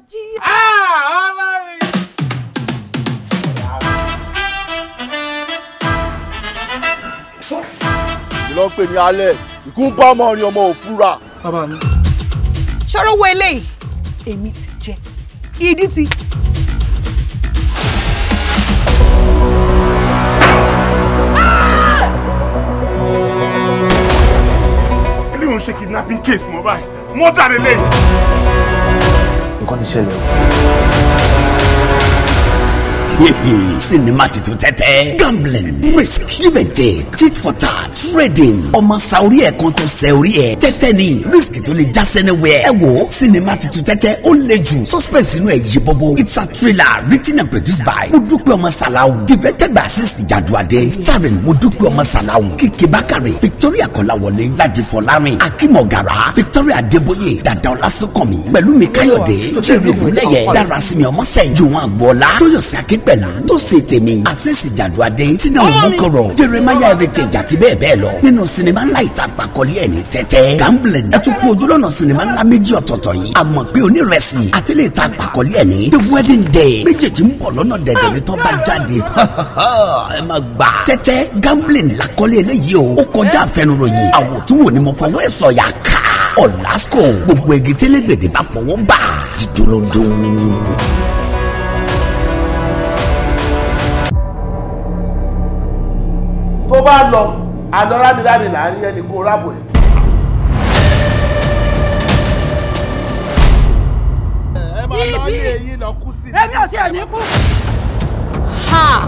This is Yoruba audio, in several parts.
Ah, jí. ọmọ mi. ìlọ pè ní alẹ́ ìkún bá ọmọ rin ọmọ òfúra. bàbá mi. ṣọ́rọ́ wo eléyìí èmi ti jẹ ìdí ti. ṣe kidnapping case mo báyìí mọ́tà nǹkan ti ṣẹlẹ̀ o sinima titun tẹ́tẹ́. gambling risk give and take tit for tat trading ọmọ sa orí ẹ̀ kan tó sẹ orí ẹ̀ tẹ́tẹ́ ni risk tó lè já sẹ́nẹ̀wẹ̀. ẹ wo sinima titun tẹ́tẹ́ ó le jù suspense inú ẹ̀ yí bọ́bọ́ it's a thriller written and produced by mudukwe ọmọ salawu directed by sisi jaduade starring mudukwe ọmọ salawu kiki bakare victoria kọláwọlé ladifọlárin akimọgara victoria adeboye dadaola sokomi pẹ̀lú mi káyọ̀dé jerry ogunlẹyẹ darasimi ọmọsẹ johan gbọlá tóyọsí akínpẹ̀lú tósè ayé tèmi àṣìṣì jàdùadé tina òmùkọrọ jeremaya heritage àti bẹ́ẹ̀ bẹ́ẹ̀ lọ nínú sinimá ńlá ìtàgbà kọ́lé ẹ̀ ní tẹ́tẹ́ gamblen ẹ tún kú ojúlọ́nà sinimá ńlá méjì ọ̀tọ̀ọ̀tọ̀ yìí àmọ́ pé onírẹ̀sì àti ilé ìtàgbà kọ́lé ẹ̀ the wedding day méjèèjì ń bọ̀ lọ́nà dẹ̀dẹ̀ ní tó bá jáde ẹ má gbà tẹ́tẹ́ gamblen lakọ́lé eléyìí o ó kọjá àfẹnuròyìn àwòtúwò ni mo fọwọ́ ẹ̀ sọ̀yà ká ọ̀làsíkò gbogbo egi bá fọwọ́ bà dídúró dún. tó bá lọ àná rámìrámì là ń rí ẹni kó rábò ẹ̀. èmi ò tiẹ̀ kú.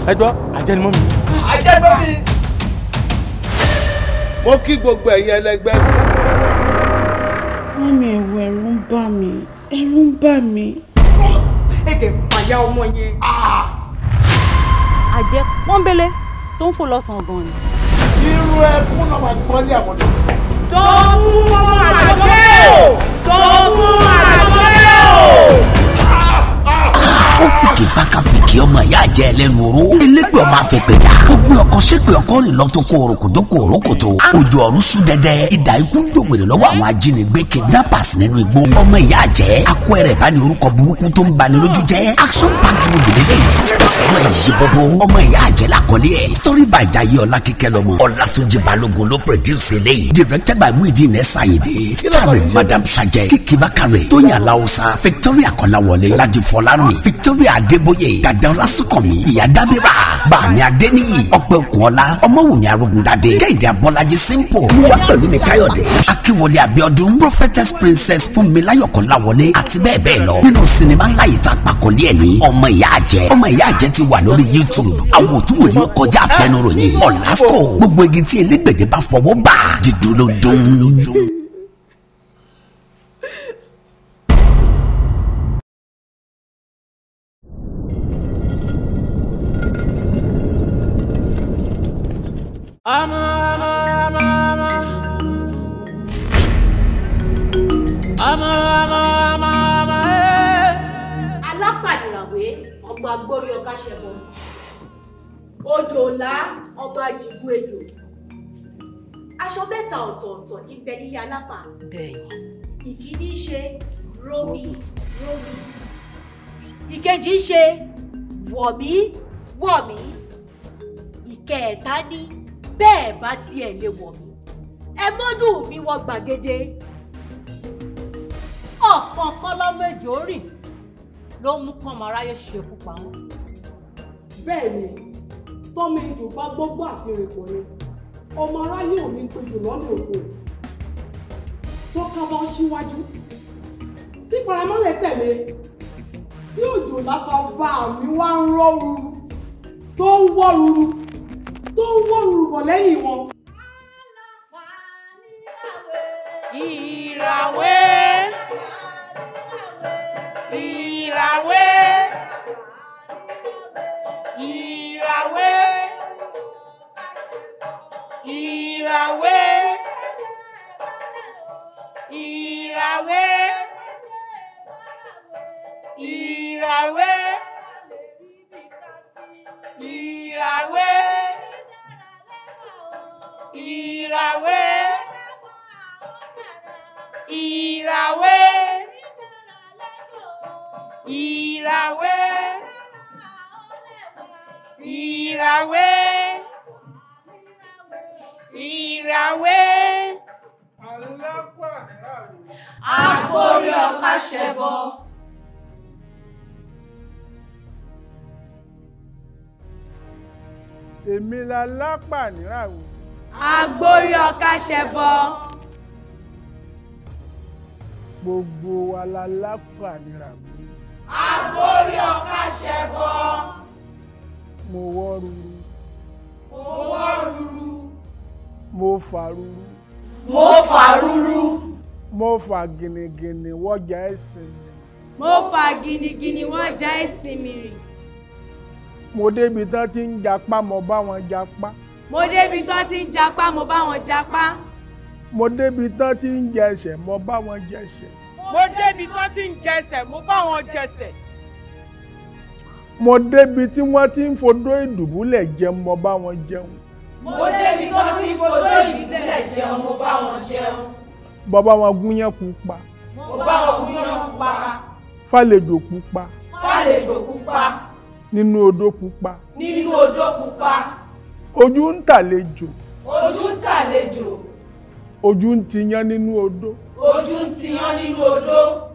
ẹ jọ mi. ajẹnimọ́ mi. mo kí gbogbo ẹ̀yin ẹlẹgbẹ́. wọ́n ẹ̀wọ̀ ẹ̀rù ń bà mí ẹ̀rù ń bà mí. ètè pàyà ọmọ yẹn. àjẹ pọ́nbélé tó ń fò lọ́sàn-án gan ni. irú ẹkún náà máa gbọ́ ní àwọn ọ̀dọ́. dọ́kún àjọyọ̀ o dọ́kún àjọyọ̀ o. Ah, ah fìkì fáka fìkì ọmọ ìyá jẹ ẹlẹ́nu oró elégbè ọmọ afẹ́pẹ̀já gbogbo ọkọ ṣépè ọkọ rìn lọ́tò kó orokòtò kó orokòtò ojú ọ̀run sùn dẹ́dẹ́ ìdá ikú ń dògbèrè lọ́wọ́ àwọn ajínigbé kidnappers nínú igbó ọmọ ìyá jẹ akọ ẹrẹ orúkọ burúkú tó ń bani lójú jẹ action packed movie lélẹ̀ yìí six percent ọmọ ìyí bọ́bọ́ ọmọ ìyá jẹ lakọ́lé ẹ̀ story by Jaiye Ọlákíkẹ́ lọ́mọ Ọlátúnjí Balógun ló produce eléyìí directed by Muideen Ẹ̀sáyédé starring madam sajẹ kíkí bákàrẹ̀ tóyìn aláwọ̀sá Victoria kọ́láwọlé ládìfọ́lárìn Victoria adébóyè dàdán lásùkànmí ìyá dábìrà bàmí adéníyì ọpẹ́ òkùnọlá ọmọwùmí arógundadé kéde abọ́lájí simple olúwa pẹ̀lú mi káyọ̀dé akínwọlé abíọ́dún prophetess princess fúnmiláyọ̀ kọ́láwọlé àti bẹ́ẹ̀ bẹ́ẹ̀ lọ nínú sinimá ńlá yìí tá a pàkọ́lé ẹ̀ ní ọmọ ìyá àjẹ́ ọmọ ìyá àjẹ́ ti wà lórí youtube àwọn òtúwò ni ó kọjá àfẹnuròyìn ọ̀làsùkò gbogbo igi tí elégbèdè bá fọwọ́ bà dídúró dún. Ama, ama, ama, ama. Ama, ama, ama, ama. Eh. Alápàdìràwé, ọgbà gbórí ọ̀gá ṣẹ̀bọ̀. Odò ńlá, ọgbà jìbú ejò. Aṣọ mẹ́ta ọ̀tọ̀ọ̀tọ̀ ní bẹ nílé alápà. Bẹ́ẹ̀ni. Ìkíní ṣe rómi rómi. Ìkejì ṣe wọ̀mí wọ̀mí. Ìkẹẹ̀ta ní bẹ́ẹ̀ bá tiẹ̀ lè wọ̀ mí ẹ mọ́dún mi wọ gbàgede ọ̀kan kọ́lọ́ méjì ó rìn ló mú kọ́mọ aráyé ṣekú pa wọn. bẹ́ẹ̀ ni tọ́mọ ejò bá gbọ́gbọ́ àti rìnpọ̀ ni ọmọ aráyé ò ní pẹ̀lú lọ́nà òkú tó kábọ́ síwájú tí paramọ́lẹ̀ tẹ̀lé tí òjò lápá bá mi wá ń rọ́ ruru tó ń wọ́ ruru tó ń wọ́ òrùbọ̀ lẹ́yìn wọn. ìràwé ìràwé ìràwé ìràwé ìràwé ìràwé. ìràwé ìràwé ìràwé ìràwé ìràwé. Àpòrí ọ̀ka ṣẹbọ. Èmi la lápà níràwọ̀ agbórí ọ̀ka ṣẹbọ. gbogbo wa la lápàdéra mi. agbórí ọ̀ka ṣẹbọ. mo wọ́ ruru. mo wọ́ ruru. mo fà ruru. mo fà ruru. mo fà gìnìgìnì wọ́jà ẹ̀sìn mi. mo fà gìnìgìnì wọ́jà ẹ̀sìn mi rìn. mo débi tán ti ń japá mo bá wọn japá mo débi tó ti ń japa mo bá wọn japa. mo débi tó ti ń jẹsẹ̀ mo bá wọn jẹsẹ̀. mo débi tó ti ń jẹsẹ̀ mo bá wọn jẹsẹ̀. mo débi tí wọ́n ti ń fodó ìdùbúlẹ̀ jẹun mo bá wọn jẹun. mo débi tó ti ń fodó ìdùbúlẹ̀ jẹun mo bá wọn jẹun. bàbá wọn gúnyán kú pa. mo bá wọn gúnyán kú pa. fàlejò kú pa. fàlejò kú pa. nínú odó kú pa. nínú odó kú pa ojú ń tàlejò. ojú ń tàlejò. ojú ń tiyán nínú odó. ojú ń tiyán nínú odó.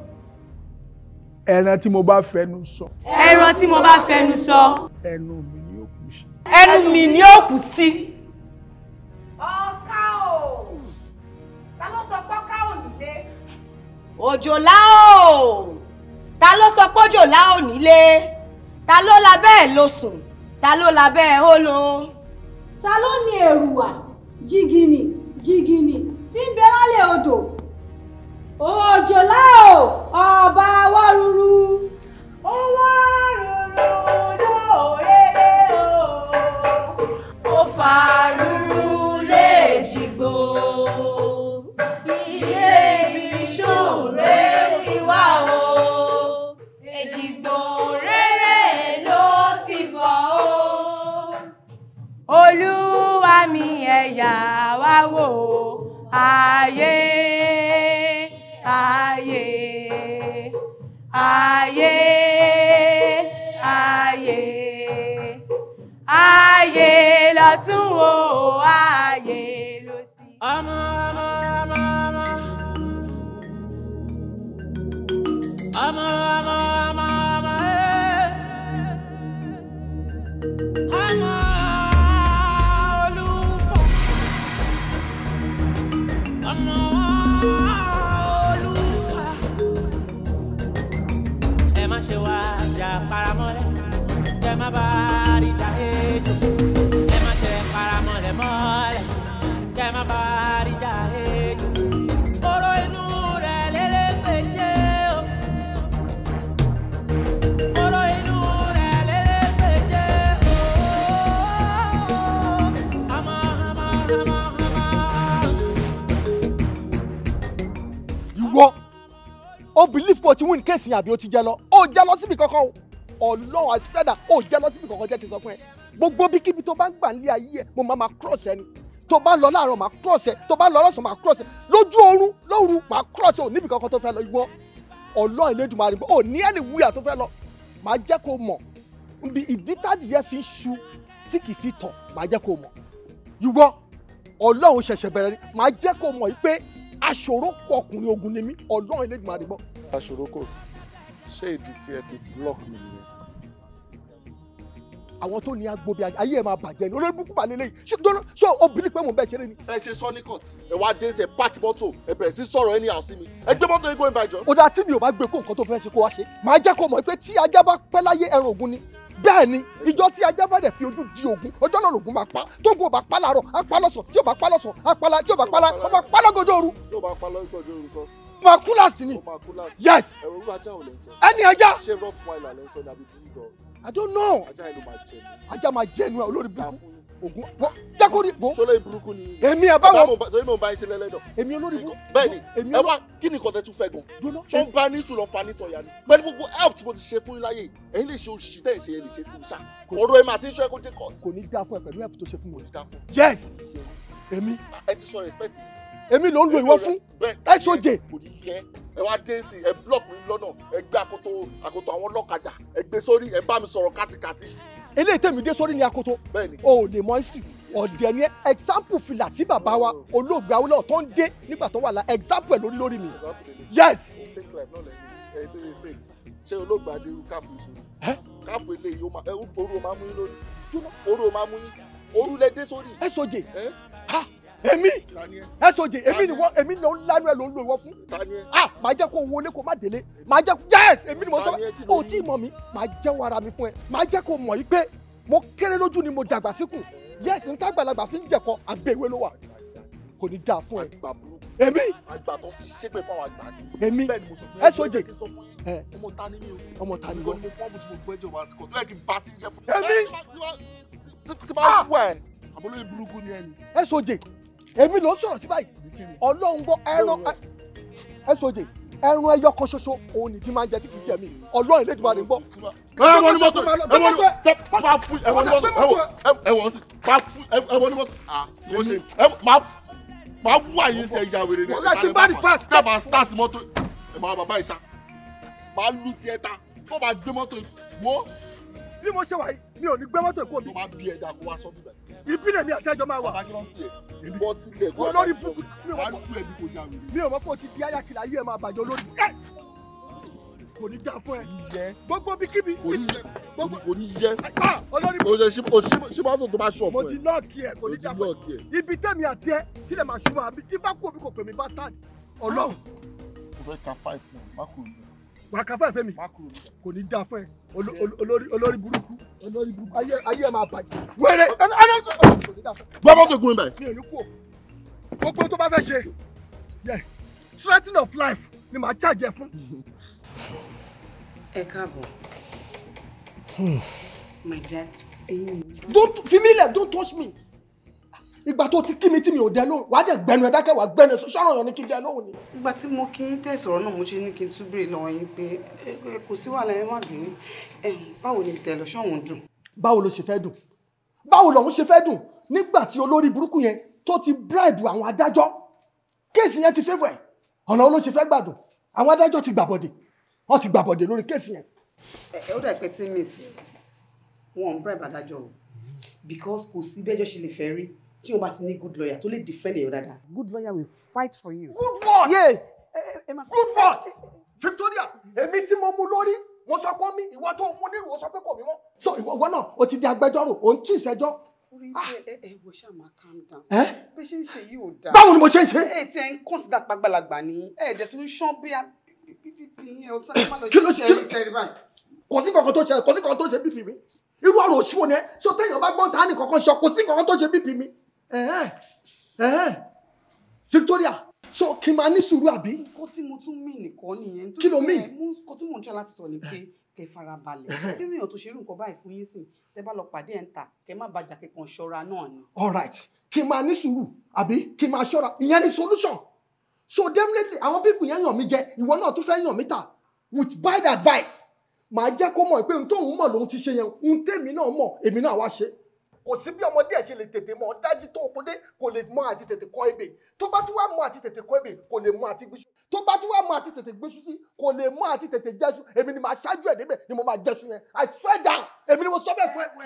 ẹran tí mo bá fẹnu sọ. ẹran tí mo bá fẹnu sọ. ẹnu mi ni ó kù sí. ẹnu mi ni ó kù sí. ọkà o ta ló sọ pé ọkà ò nílé. òjòlá o ta ló sọ pé òjòlá ò nílé ta ló la bẹ́ẹ̀ lọ sùn ta ló la bẹ́ẹ̀ ó lọ ta ló ní èrùwà jìgìnì jìgìnì tí ń bẹ lálẹ́ odò òjòlá o ọba awọ́ ruru ó wá. olúwa mi ẹ̀yà wá wò ayé ayé ayé ayé ayé lọ́tún wò ayé lósì. ọmọ amma amma amma amma ọmọ ọmọ eh. má bá àríjà o believe pé o ti win kéèsì àbí o ti jẹ lọ o jẹ lọ síbi kankan o ọlọ́run àṣẹ́dà ò oh, jẹ́ lọ síbi kankan jẹ́ kí n sọ fún ẹ gbogbo bíkíbi tó bá ń gbà nílé ayé ẹ mo máa máa cross ẹ ni tó bá lọ láàárọ̀ máa cross ẹ tó bá lọ lọ́sàn máa cross ẹ lójú oorun lóru máa cross ẹ ò níbi kankan tó fẹ́ lọ ìwọ ọlọ́run Elédùmarè ò ní ẹni wúyà tó fẹ́ lọ máa jẹ́ kó mọ̀ nbi ìdí tádìyẹ fi ń ṣu tí kì í fi tàn máa jẹ́ kó mọ̀ ìwọ ọlọ́run ṣẹ̀ṣẹ̀ bẹ̀rẹ̀ ni máa jẹ́ kó mọ̀ pé aṣòro kọ ọkùnrin ogun ni mí ọlọ́run Elédùmarè gbọ́. aṣòro kò ṣé ìdí tí ẹ fi block mi nìyẹn àwọn tó ní agbobi ayé ẹ máa bàjẹ́ ni olórí burúkú balẹ̀ lẹ́yìn ṣùgbọ́n ṣọ obìnrin pé mò ń bẹ̀ ṣeré ni. ẹ ṣe sọ ní court ẹ wá dé ṣe páàkì mọ́tò ẹ bẹ̀rẹ̀ sí sọ̀rọ̀ ẹni àwọn sí mi ẹ gbé mọ́tò igbó ìbàjọ́. ó dáa tí mi ò bá gbé kó nǹkan tó fẹ́ ṣe kó wá ṣe màá jẹ́ kó mọ̀ pé tí ajá bá pẹ́ láyé ẹran ògún ni bẹ́ẹ̀ ni ìjọ tí ajá bá dẹ̀ fi ojú di ògún ọjọ́ náà lògún máa pa tógun ò bá pa láàárọ̀ á pa lọ́sàn tí ò bá pa lọ́sàn á pa la tí ò bá pa la ó máa pa lọ́gọ́jọ́ òru. tí ò bá pa lọ́gọ́jọ́ òru kan. ó máa kú láàsì ni yes ẹni ajá. ṣé rottweiler lẹ ń sọ ní àbí bulldog. I don't know. ajá ìlú máa jẹ ni. ajá máa jẹ ni olórí burúkú ogun wọ jẹko ni wo. sọlá ìburúkú ni. èmi àbáwọ. torí mo bá ń ṣe lẹ́lẹ́dọ̀. èmi olórí burúkú. bẹ́ẹ̀ni ẹ wá kí ni kọtẹ tún fẹ́ gan. jóná tó ń bá ní sùn lọ fa ní tọyà ni. pẹ̀lú gbogbo help tí mo ti ṣe fún yín láyé ẹ̀yin lè ṣe òṣìṣẹ́ tẹ ẹ ṣe ẹ lè ṣe sí iṣá. ọ̀rọ̀ ẹ máa ti ń sọ ẹ kó dé court. kò ní dá fún ẹ pẹ̀lú help tó ṣe fún mi. yes èmi. ẹ ti sọ respect yìí èmi ló ń lo ìwọ fún soj. kò ní yẹ ẹ wá dé sí ẹ block mi lọ́nà ẹ gbé akoto akoto àwọn ọlọ́kadà ẹ gbé sórí ẹ bá mi sọ̀rọ̀ kátikàti. eléyìí tèmi dé sórí ni akoto o ò lè mọ ẹ́sì ọ̀dẹ̀ ni example fìlà tí bàbá wa olóògbé awolọ́ tó ń dé nígbà tó wà lá example ẹ̀ lórí lórí mi yes. ṣé olóògbé adé irú káàpù ìṣòro káàpù eléyìí oru o máa mú yín lórí oru o máa mú yín orú lẹ dé sórí. ẹ sojè èmi ẹsọjì èmi ni wọn èmi ló ń lanu ẹ ló ń lo ìwọ fún ah màá jẹ kó wọlé kó má délé màá jẹ yes èmi ni mo sọ o tí mọ̀ mi màá jẹ́wọ́ ara mi fún ẹ màá jẹ kó mọ̀ yìí pé mo kéré lójú ni mo dàgbà síkùn yes n ká gbàlagbà fi ń jẹkọ àbẹ̀wé ló wà kò ní dáa fún ẹ èmi èmi ẹsọjì ọmọ ta ni mi o ọmọ ta ni mi o èmi ah àbúrò ìbúrúkú ni ẹni ẹsọjì èmi ló ń sọ̀rọ̀ sí báyìí ọlọ́run gbọ́ ẹran ẹ sọ̀jẹ̀ ẹran ẹyọ kan ṣoṣo òun ni ti máa ń jẹ tí kì í jẹ mí ọlọ́run ilé ìdìbò àdìgbọ́. ẹwọ ni mọ́tò ẹwọ ni pàfù ẹwọ ni mọ́tò ẹwọ ni pàfù ẹwọ ni mọ́tò àmọ́ ṣe ah, máa wú àyè sí ẹja wèrè rẹ láti bá di fast ká máa start mọ́tò ẹ máa bàbá ìṣá máa lu tiẹ̀ ta tó máa gbé mọ́tò wọ́. bí mo ṣe wà yìí mi ò ní gbé mọ́tò èkó mi. ọba bí ẹja kó wá sọ bíbẹ. ìbílẹ̀ mi àtẹ́jọ́ máa wà. babakirọ́ fi ẹ̀ bọ́ sílẹ̀ kó ẹ̀ sọ mi wàá lù ẹbí já wèrè. mi ò mọ̀ pé ti di ayakìlá yìí ẹ̀ máa bàjẹ́ olórí. kò ní já fún ẹ. kò ní yẹ. Ah! olórí o ṣe ṣíbọ́tò tó bá ṣọ̀ fún ẹ. kò ní já ibi tẹ́mi àti ẹ tilẹ̀ máa ṣubú àbí tí bá kú òbí kò pè mí bá sáà ọlọ́run wà á ka fún ẹ̀fẹ́ mi kò ní dáa fún ẹ olórí burúkú olórí burúkú ayé ẹ máa bàjẹ́. wẹ́rẹ́ bọ́bọ́ tó gun ibẹ̀. mi ò ní kú o gbogbo tó bá fẹ́ ṣe yẹ threatening of life ni màá ṣàjẹ fún. ẹ káàbọ̀ hmm. my dad. don't fi mí lẹ̀ don't touch me ìgbà tó ti kí mi tí mi ò dẹ lóhùn wàá dẹ gbẹnu ẹ dákẹ́ wàá gbẹnu ẹ sọ̀rọ̀ yẹn ni kí n dẹ lóhùn ni. ìgbà tí mo kí tẹ̀ sọ̀rọ̀ náà mo ṣe ní kí n túbìrì lọ́wọ́ yín pé kò sí wàhálà ẹ má bínú báwo ni ìtẹ̀lọ́ ṣọ̀hún dùn. báwo ló ṣe fẹ́ dùn báwo lòun ṣe fẹ́ dùn nígbà tí olórí burúkú yẹn tó ti bribe àwọn adájọ́ kéèsì yẹn ti favour ẹ̀ ọ̀nà ló ṣe fẹ́ gbàdùn àwọn adájọ́ ti gbàbọ̀dè wọ́n ti gbàbọ̀dè lórí kéèsì yẹn. ẹ ó dà pé tí miss wọn bribe adájọ́ o because kò sí bẹ́jọ́ ṣe lè fẹ́ rí tí o bá ti ní good lawyer tó lè defend èèyàn dáadáa. good lawyer will fight for you. good work. yeah. good work Victoria èmi tí mo mú lórí mo sọ pé mi ìwọ tó mú nírú o sọ pé kò mí mọ́. so ìwọ ìwọ náà o ti di agbẹjọ́rò o ń tún ìṣẹ́jọ́. orí ṣe ẹ ẹ wo ṣáà máa calm down. ẹ bí ṣe ń ṣe yìí ò dáa. báwo ni mo ṣe ń ṣe. ẹ ti ẹ ń consider pàgbàlagbà ní ẹ̀ẹ́dẹ̀ tó ń ṣán bí i ọ̀tá ẹ má lọ ṣe ẹ̀rí jẹ́rìí báyìí. kò sí kankan tó ṣe kò sí kankan tó ṣe bíbí mi irú ọ̀rọ̀ òṣìwò ni ẹ so téèyàn bá gbọ́n ta ni kankan ṣọ kò sí kankan tó ṣe bíbí mi ẹ̀hẹ́ eh, ẹ̀hẹ́ eh, Victoria so kí n máa ní sùúrù àbí. nǹkan tí mo tún mí nìkan nìyẹn. kí ló mí. nǹkan tí mò ń tọ́ láti sọ ni pé kẹ farabalẹ̀ nínú eh. èèyàn tó ṣe irú nǹkan báyìí fún yín sìn tẹ bá lọ pàdé ẹ̀ ń ta kẹ má bàjá kankan ṣọ́ra náà ni. all right kí n máa ní sùúrù àbí kí n máa ṣọ́ra ìyẹn ni solution so definitely àwọn pípù yẹn yàn mí jẹ ìwọ náà tún fẹ́ yàn mí ta with bad advice màá jẹ́ kó mọ̀ pé n tóun mọ̀ lòun ti ṣe yẹn n tèmi náà mọ̀ èmi náà wá ṣe é kò sí bí ọmọdé ẹ̀ ṣe lè tètè mọ̀ dájú tó o kódé kò lè mọ àti tètè kọ ebè tó bá tún wá mọ àti tètè kọ ebè kò lè mọ àti gbéṣu tó bá tún wá mọ àti tètè gbéṣu sí kò lè mọ àti tètè jẹ́ṣu èmi ni màá ṣáájú ẹ̀ débẹ̀ ni mo máa jẹ́ṣu yẹn I swear down èmi ni mo sọ bẹ́ẹ̀ fún ẹ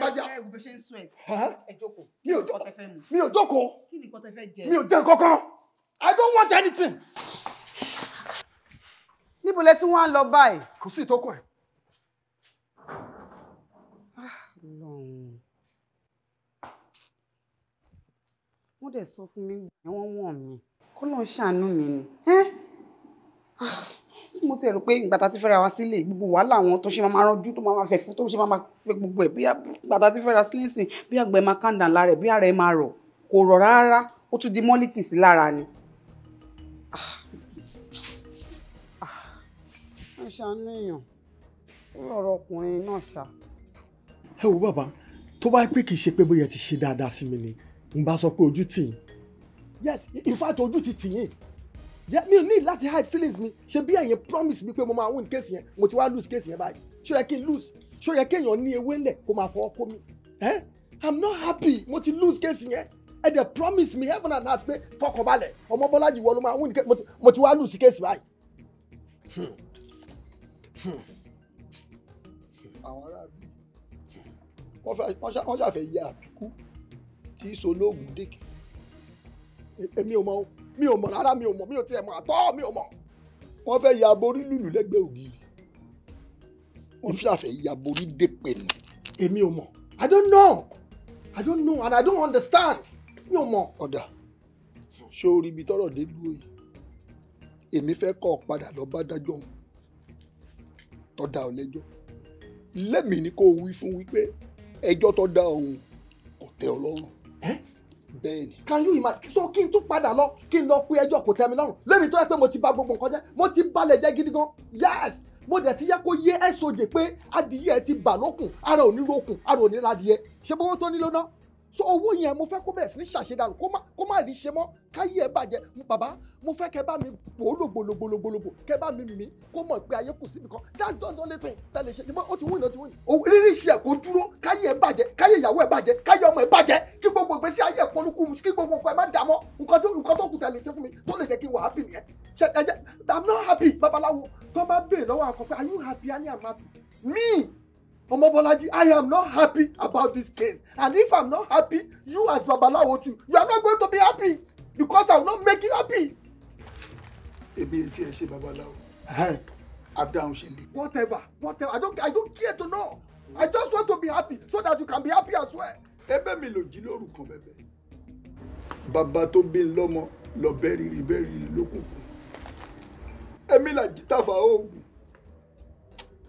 gbàjà. mi ò jókòó mi ò jẹ nǹkankan I don't want anything. níbo lẹ tún wá ń lọ báyìí. kò sí ìtókùn ẹ. wọ́n dẹ̀ sọ fún mi ẹ wọ́n wọ̀n mi kọ́ náà ṣàánú mi ni ah, tí mo ti rò pé ìgbà tá a ti fẹ́ra wa sílé gbogbo wàhálà àwọn tó ṣe máa ránjú tó máa fẹ̀ fún tó ṣe máa fẹ́ gbogbo ẹ̀ bí ìgbà tá a ti fẹ́ra sílé sìn bí àgbẹ̀ máa kàndà lára ẹ̀ bí ara ẹ̀ máa rọ̀ kò rọ̀ rárá ó tún di mọ́líkì sí lára ni. Ah. Ah. ẹ ṣàánú èèyàn ó lọ́rọ̀ ọkùnrin náà ṣá. ẹ wo bàbá tó bá pé kì í ṣe pé bóyá ti ṣe dáadáa sí mi ni n bá sọ pé ojú tì yín yes in fact ojú ti tì yín mi ò ní láti hide feelings mi ṣe bí ẹ̀yin promise mi pé mo máa win case yẹn mo ti wá lose case yẹn báyìí ṣó yẹ kí n lose ṣó yẹ kéèyàn ní ewé lẹ̀ kó máa fọwọ́ kó mi eh i'm not happy mo ti lose case yẹn ẹ dẹ̀ promise me heaven and earth pé fọkànbalẹ̀ ọmọ bọ́lájì wọ ló máa win case mo ti wá lose case báyìí. Hmm. Hmm. Hmm. àwọn aráàlú wọ́n ṣàfẹ́ yí àbíkú tí í solóògùn dèkì èmi ò mọ mi ò mọ rárá mi ò mọ mi ò tiẹ̀ mọ àtọ́ mi ò mọ wọ́n fẹ́ ya borí lùlù lẹ́gbẹ̀ẹ́ ògiri wọ́n fi àfẹ́ ya borí dèpè nù èmi ò mọ I don't know I don't know and I don't understand mi ò mọ ọ̀dà ṣé o rí ibi tọ́rọ̀ dé dúró yìí èmi fẹ́ kọ́ ọ padà lọ bá dájọ́ wọn tọ́da ọ lẹ́jọ́ lẹ́mìí ni kò wí fún wípé ẹjọ́ tọ́da òun kò tẹ́ ọ lọ́rùn. Eh? bẹ́ẹ̀ni. can you imagine so kí n tún padà lọ kí n lọ pé ẹjọ́ kò tẹ́ mi lọ́rùn lẹ́mi tó yẹ pé mo ti bà gbogbo nǹkan jẹ́ mo ti balẹ̀ jẹ́ gidi gan yes mo dẹ̀ ti yẹ kó yé ẹ̀ sojè pé adìyẹ ti bà lókun ara ò ní rokun ara ò ní radìyẹ ṣé bówó tó nílò náà so owó yẹn mo fẹ́ kó bẹ̀rẹ̀ sí ní ṣàṣedànù kó má rí ṣe mọ́ káyé ẹ̀ bàjẹ́ bàbá mo fẹ́ kẹ́ bá mi pò ó lògbòlògbòlògbò kẹ́ bá mi mì kó mọ̀ pé ayé kù síbi kan that's just the only thing tẹ̀lé ṣe ṣùgbọ́n ó ti wúni ó ti wúni. òwò rírí iṣẹ́ kó dúró káyé ẹ̀ bàjẹ́ káyé ìyàwó ẹ̀ bàjẹ́ káyé ọmọ ẹ̀ bàjẹ́ kí gbogbo ìgbésí ayé ẹ̀ polúkú mu kí gbogbo nǹkan ẹ̀ má dààmú nǹkan tó kù tẹ̀lé ṣe fún mi tó lè jẹ́ kí n wà happy nìyẹn ṣe ẹ jẹ́ i'm not happy babaláwo tó bá béèrè lọ́wọ́ àkọ́kọ́ are you happy i am happy me Omobolaji, I am not happy about this case. And if I'm not happy, you as Babalawo too, you are not going to be happy because I will not make you happy. Èmi etí ẹ ṣe babaláwo. Adáhùn ṣe lè. Whatever, whatever, I don't, I don't care to know. I just want to be happy so that you can be happy as well. Ẹ̀bẹ̀ mi ló jí lórúkọ bẹ̀bẹ̀. Bàbá tó bí n lọ́mọ lọ bẹ́rìrì bẹ́rìrì lókùnkùn. Èmi làjí tàfà oògùn.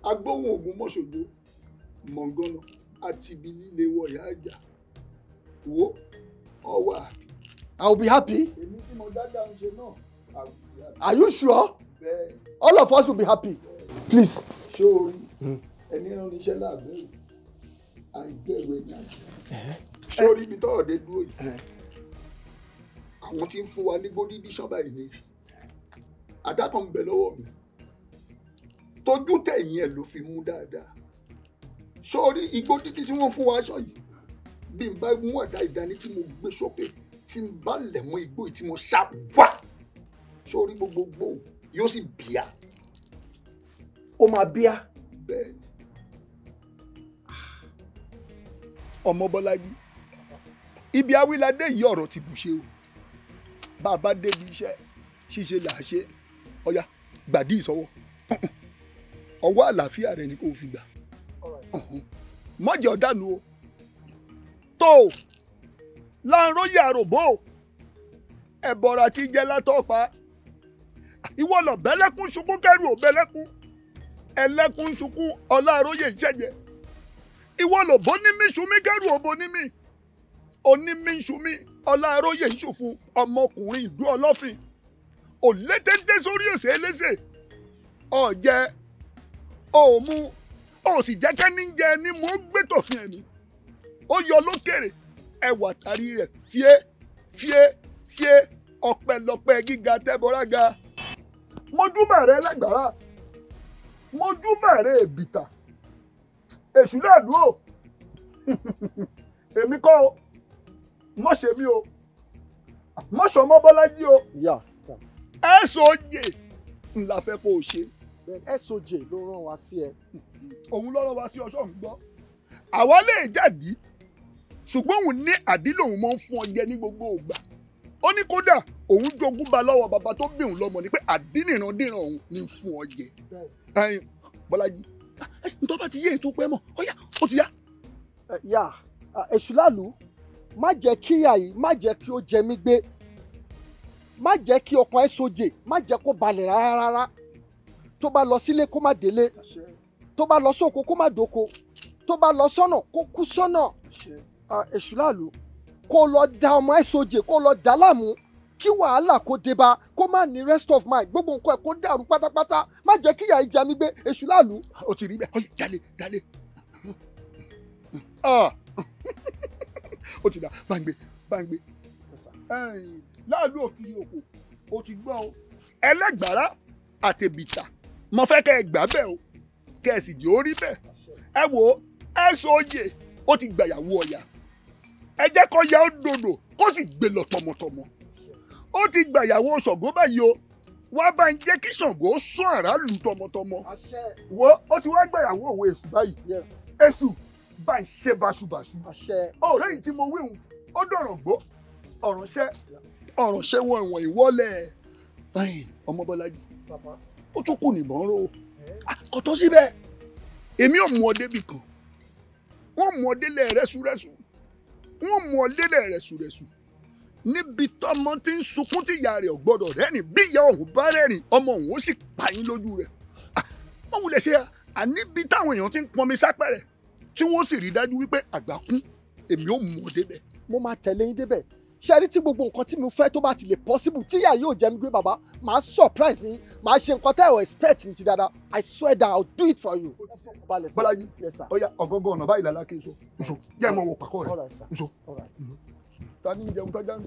Agbóhùn oògùn mọ́ṣogbó mọ̀ngànà àti ibi líle wọ̀ ìyá àjà wo ọwà. I will be happy. èmi tí mo dáadáa ń ṣe náà I will be happy. Are you sure? bẹ́ẹ̀. all of us will be happy. please. ṣé o rí hmm. ẹni rán iṣẹ́ láàbẹ̀rẹ̀ àìbẹ̀rù ẹ̀yà ṣé o rí ibi tọ́wọ̀ dé dúró yìí àwọn tí ń fún wa ní gbódídí sábà yìí ni àdá kan ń bẹ lọ́wọ́ mi tójú tẹ̀yìn ẹ̀ ló fi mú dáadáa sọ́ọ́rí igbó títí tí wọ́n fún wa aṣọ yìí bí n bá mú àdá ìdání tí mo gbé sókè tí n bá lẹ̀ mọ́ igbó yìí tí mo ṣá wá sọ́ọ́rí gbogbogbò yóò sì bíà. ó máa bíà. bẹ́ẹ̀ni ọmọ bọ́lájí ibi awilade yìí ọ̀rọ̀ ti bù ṣe o bàbá débi iṣẹ́ ṣíṣe là á ṣe ọ̀ya gbàdí ìsọwọ́ ọwọ́ àlàáfíà rẹ ni kò fi gbà mọ̀jẹ̀ ọ̀dànù o tó láńróyè àròbó ẹ̀bọ̀rà ti jẹ́ látọ̀pa ìwọ lọ bẹ́lẹ́kún sunkún kẹrù ò bẹ́lẹ́kún ẹlẹ́kún sunkún ọláróyè ìṣẹ̀jẹ̀ ìwọ lọ bó ní mí sunmí kẹrù ò bó ní mí òní mí sunmí ọláróyè ìṣòfun ọmọkùnrin ìlú ọlọ́fin òlétéńté sórí òsè eléṣè ọ̀jẹ̀ òmu ó sì jẹ́ kẹ́ni jẹ ni mò ń gbé tòfin ẹ̀mí ó yọ lókèrè ẹwà tàrí rẹ̀ fíé fíé fíé ọ̀pẹ̀lọpẹ̀ gíga tẹ́bọ̀rága mojúbà rẹ lágbára mojúbà rẹ èbìtà èṣù lẹ́ẹ̀dúró èmi kọ́ o mọ̀ ṣe mí o mọ̀ ṣọmọ bọ́lájí o ẹ̀ sọ oyè ńlá fẹ́ kó o ṣe soj ló rán wa sí ẹ. òun ló rán wa sí ọṣọ́ mi gbọ́. àwa lè jáde ṣùgbọ́n òun ní àdí lòun máa ń fún ọ jẹ ní gbogbo ìgbà ó ní kódà òun jogún ba lọ́wọ́ bàbá tó bí òun lọ́mọ ni pé àdínìrandíran òun ni fún ọ jẹ. bọ́lájí ntọ́ bá ti yé ètò pẹ́ mọ̀ ọ̀yà ó ti yá. yà èṣù lálù má jẹ́ kí ìyá yìí má jẹ́ kí ó jẹ mí gbé má jẹ́ kí ọkàn ẹ̀ sojè má jẹ́ kó balẹ̀ rárá rárá tó bá lọ sílé kó má délé tó bá lọ sóko kó má dóko tó bá lọ sọ́nà kó kú sọ́nà èṣù láàlú kó lọ da ọmọ àìsòjè kó lọ dà láàmú kí wàhálà kó dé bá kó má ní rest of mind gbogbo nǹkan ẹ̀ kó dàrú pátápátá má jẹ́ kíyà ìjà mi gbé èṣù láàlú. o ti rí bẹ́ẹ̀ ọyẹ jalè jalè o ti dà bàǹgbé bàǹgbé láàlú òkìrì òkò o ti gbọ́ o ẹlẹ́gbàrá àtẹ̀bìtà mo fẹ́ kẹ́ ẹ gbà bẹ́ẹ̀ o kẹ́ ẹ sì jẹ́ orí bẹ́ẹ̀ ẹ wò ó ẹ sọ oyè ó ti gbàyàwó ọ̀yà ẹ jẹ́ kó ya ó dòdò kó sì gbé lọ tọmọtọmọ ó ti gbàyàwó ṣọ̀gbọ́n báyìí o wá bá ń jẹ́ kí ṣọ̀gbọ́n ó sún àràlù tọmọtọmọ wo ó ti wá gbàyàwó òwe èṣù báyìí èṣù bá ń ṣe báṣubàṣu ọ̀rẹ́ yìí tí mo wí hùn ó dọ̀rọ̀ gbó ọ̀rànṣẹ́ ọ̀rànṣẹ́ wọn ìwọ̀n ìwọ́lẹ̀ ọmọ Bọ́lájí ó tún kù nìbọn ró kò ah, tó síbẹ̀ èmi ò mú ọ débi kan wọ́n mú ọ délẹ̀ rẹ́sùrẹ́sù wọ́n mú ọ délẹ̀ rẹ́sùrẹ́sù níbi tọ́mọ ti ń sunkún tí ìyá rẹ̀ ọ̀gbọ́dọ̀ rẹ́rìn bí ìyá òun bá rẹ́rìn ọmọ òun ó sì pa yín lójú rẹ̀ ah, wọ́n wulẹ̀ ṣe àníbi táwọn èèyàn ti ń pọnmi sápẹ̀rẹ̀ tí wọ́n sì rí dájú wípé àgbà kún èmi ò mú ọ débẹ̀. mo máa tẹ̀lé yín débẹ̀ ṣe rí tí gbogbo nǹkan tí mo fẹ́ tó bá ti lè possible tí ìyá yóò jẹ́ mi gbé bàbá màá surprise yín màá ṣe nǹkan tẹ́ ẹ̀ expect ní ti dáadáa i swear that i will do it for you. balaji ọya ọgọgọ ọ̀nà báyìí lálá kí n so nso jẹ́ ẹ̀ mọ̀ wọ pàkọ́ rẹ̀ nso ta ni jẹun tájà ń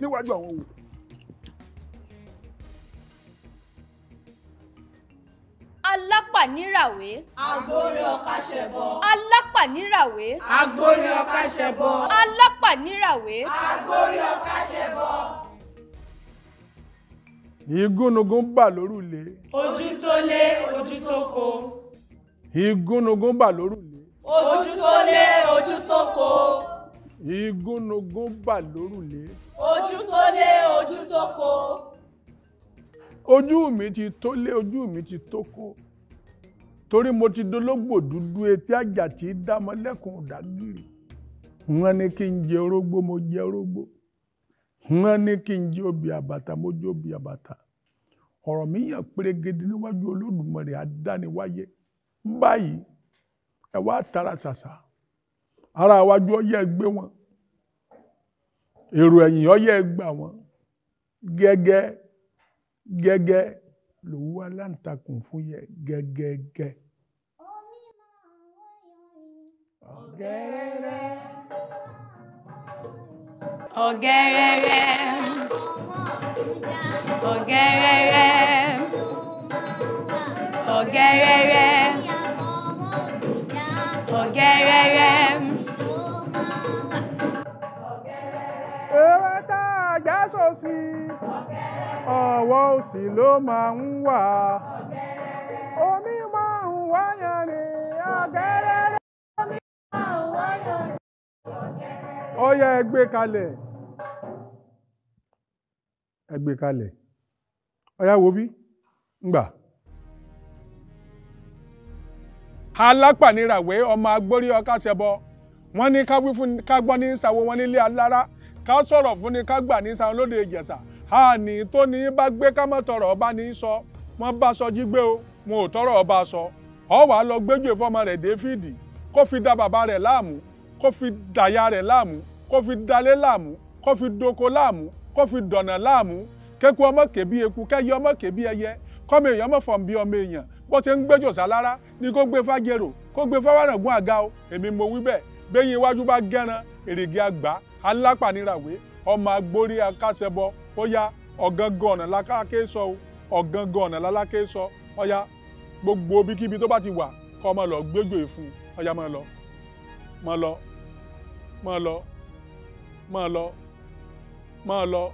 níwájú àwọn wò. alápàníràwé. agbórí ọkà ṣẹbọ. alápàníràwé. agbórí ọkà ṣẹbọ. alápàníràwé. agbórí ọkà ṣẹbọ. ìgúnnugún bà lórùlé. ojú tó lé ojú tó ko. ìgúnnugún bà lórùlé. ojú tó lé ojú tó ko. ìgúnnugún bà lórùlé. ojú tó lé ojú tó ko. ojú mi ti tó lé ojú mi ti tó kó torí mo ti dológbò dúdú etí àjà tí dámọlẹ́kùn dàgìrì wọ́n ní kí n jẹ orógbó mo jẹ orógbó wọ́n ní kí n jẹ obì àbàtà mo jẹ obì àbàtà ọ̀rọ̀ mi yàn pérégede níwájú olódùmarè àdániwáyé báyìí ẹ wá tara ara àwájú wọn èrò ọyẹ wọn gẹ́gẹ́ lòwú aláǹtakùn fún yẹ gẹ́gẹ́gẹ́. ọ̀gẹ́rẹ́rẹ́. ọ̀gẹ́rẹ́rẹ́. ọ̀gẹ́rẹ́rẹ́. ọ̀gẹ́rẹ́rẹ́. ọ̀gẹ́rẹ́rẹ́. èrò tá a já sósì. ọ̀gẹ́rẹ́rẹ́. ọwọ́ òsì ló máa ń wà. omi máa ń wáyàn ní ọ̀gẹ́rẹ́ omi máa ń wáyàn ní ọ̀gẹ́rẹ́. ó yẹ ẹ kalẹ̀ ẹ gbé kalẹ̀ ọ̀yá wo bí ngbà. alápàníràwé ọmọ agbórí ọkà ṣẹbọ wọ́n ní ká wí fún ká gbọ́ ní sáwó wọn nílé alára ká sọ̀rọ̀ fún ní ká gbà ní sáwọn lóde ìjẹ̀ṣà àní tó ní bá gbé kámọ́tọ̀rọ̀ ọba ní í sọ wọ́n bá sọ jí gbé o wọn ò tọrọ ọba sọ ọ wàá lọ gbẹ́jọ́ ìfọ́mọ rẹ̀ Dáfídì kó fi da bàbá rẹ̀ láàmú kó fi dàyà rẹ̀ láàmú kó fi dalé láàmú kó fi doko láàmú kó fi dọ̀nà láàmú kéku ọmọ kèbí eku kẹ́yẹ ọmọ kèbí ẹyẹ kọ́mọ èèyàn mọ̀ fọ̀n bí ọmọ èèyàn bó ṣe ń gbẹ́jọ́ sálára ni kó gbé fájèrò kó gbé fáwárangún àga o èmi mo wí bẹ́ẹ̀ bẹ́yìn iwájú bá gẹ́ran èrègé àgbà alápàníràwé ọmọ agbórí akásẹbọ bóyá ọ̀gángán ọ̀nà lálákè sọ o ọ̀gángán ọ̀nà lálákè sọ ọ̀yá gbogbo ibikíbi tó bá ti wà kọ́ ọmọ lọ gbégbé fún ọ̀yá máa lọ máa lọ máa lọ máa lọ máa lọ.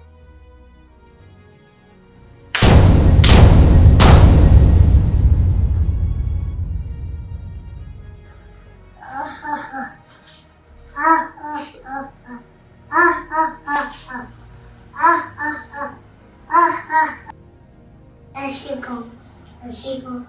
ah ah ah ah ah ah ah ah, ah, ah. Ah, ah, ah. ẹ ṣe gan ẹ ṣe gan.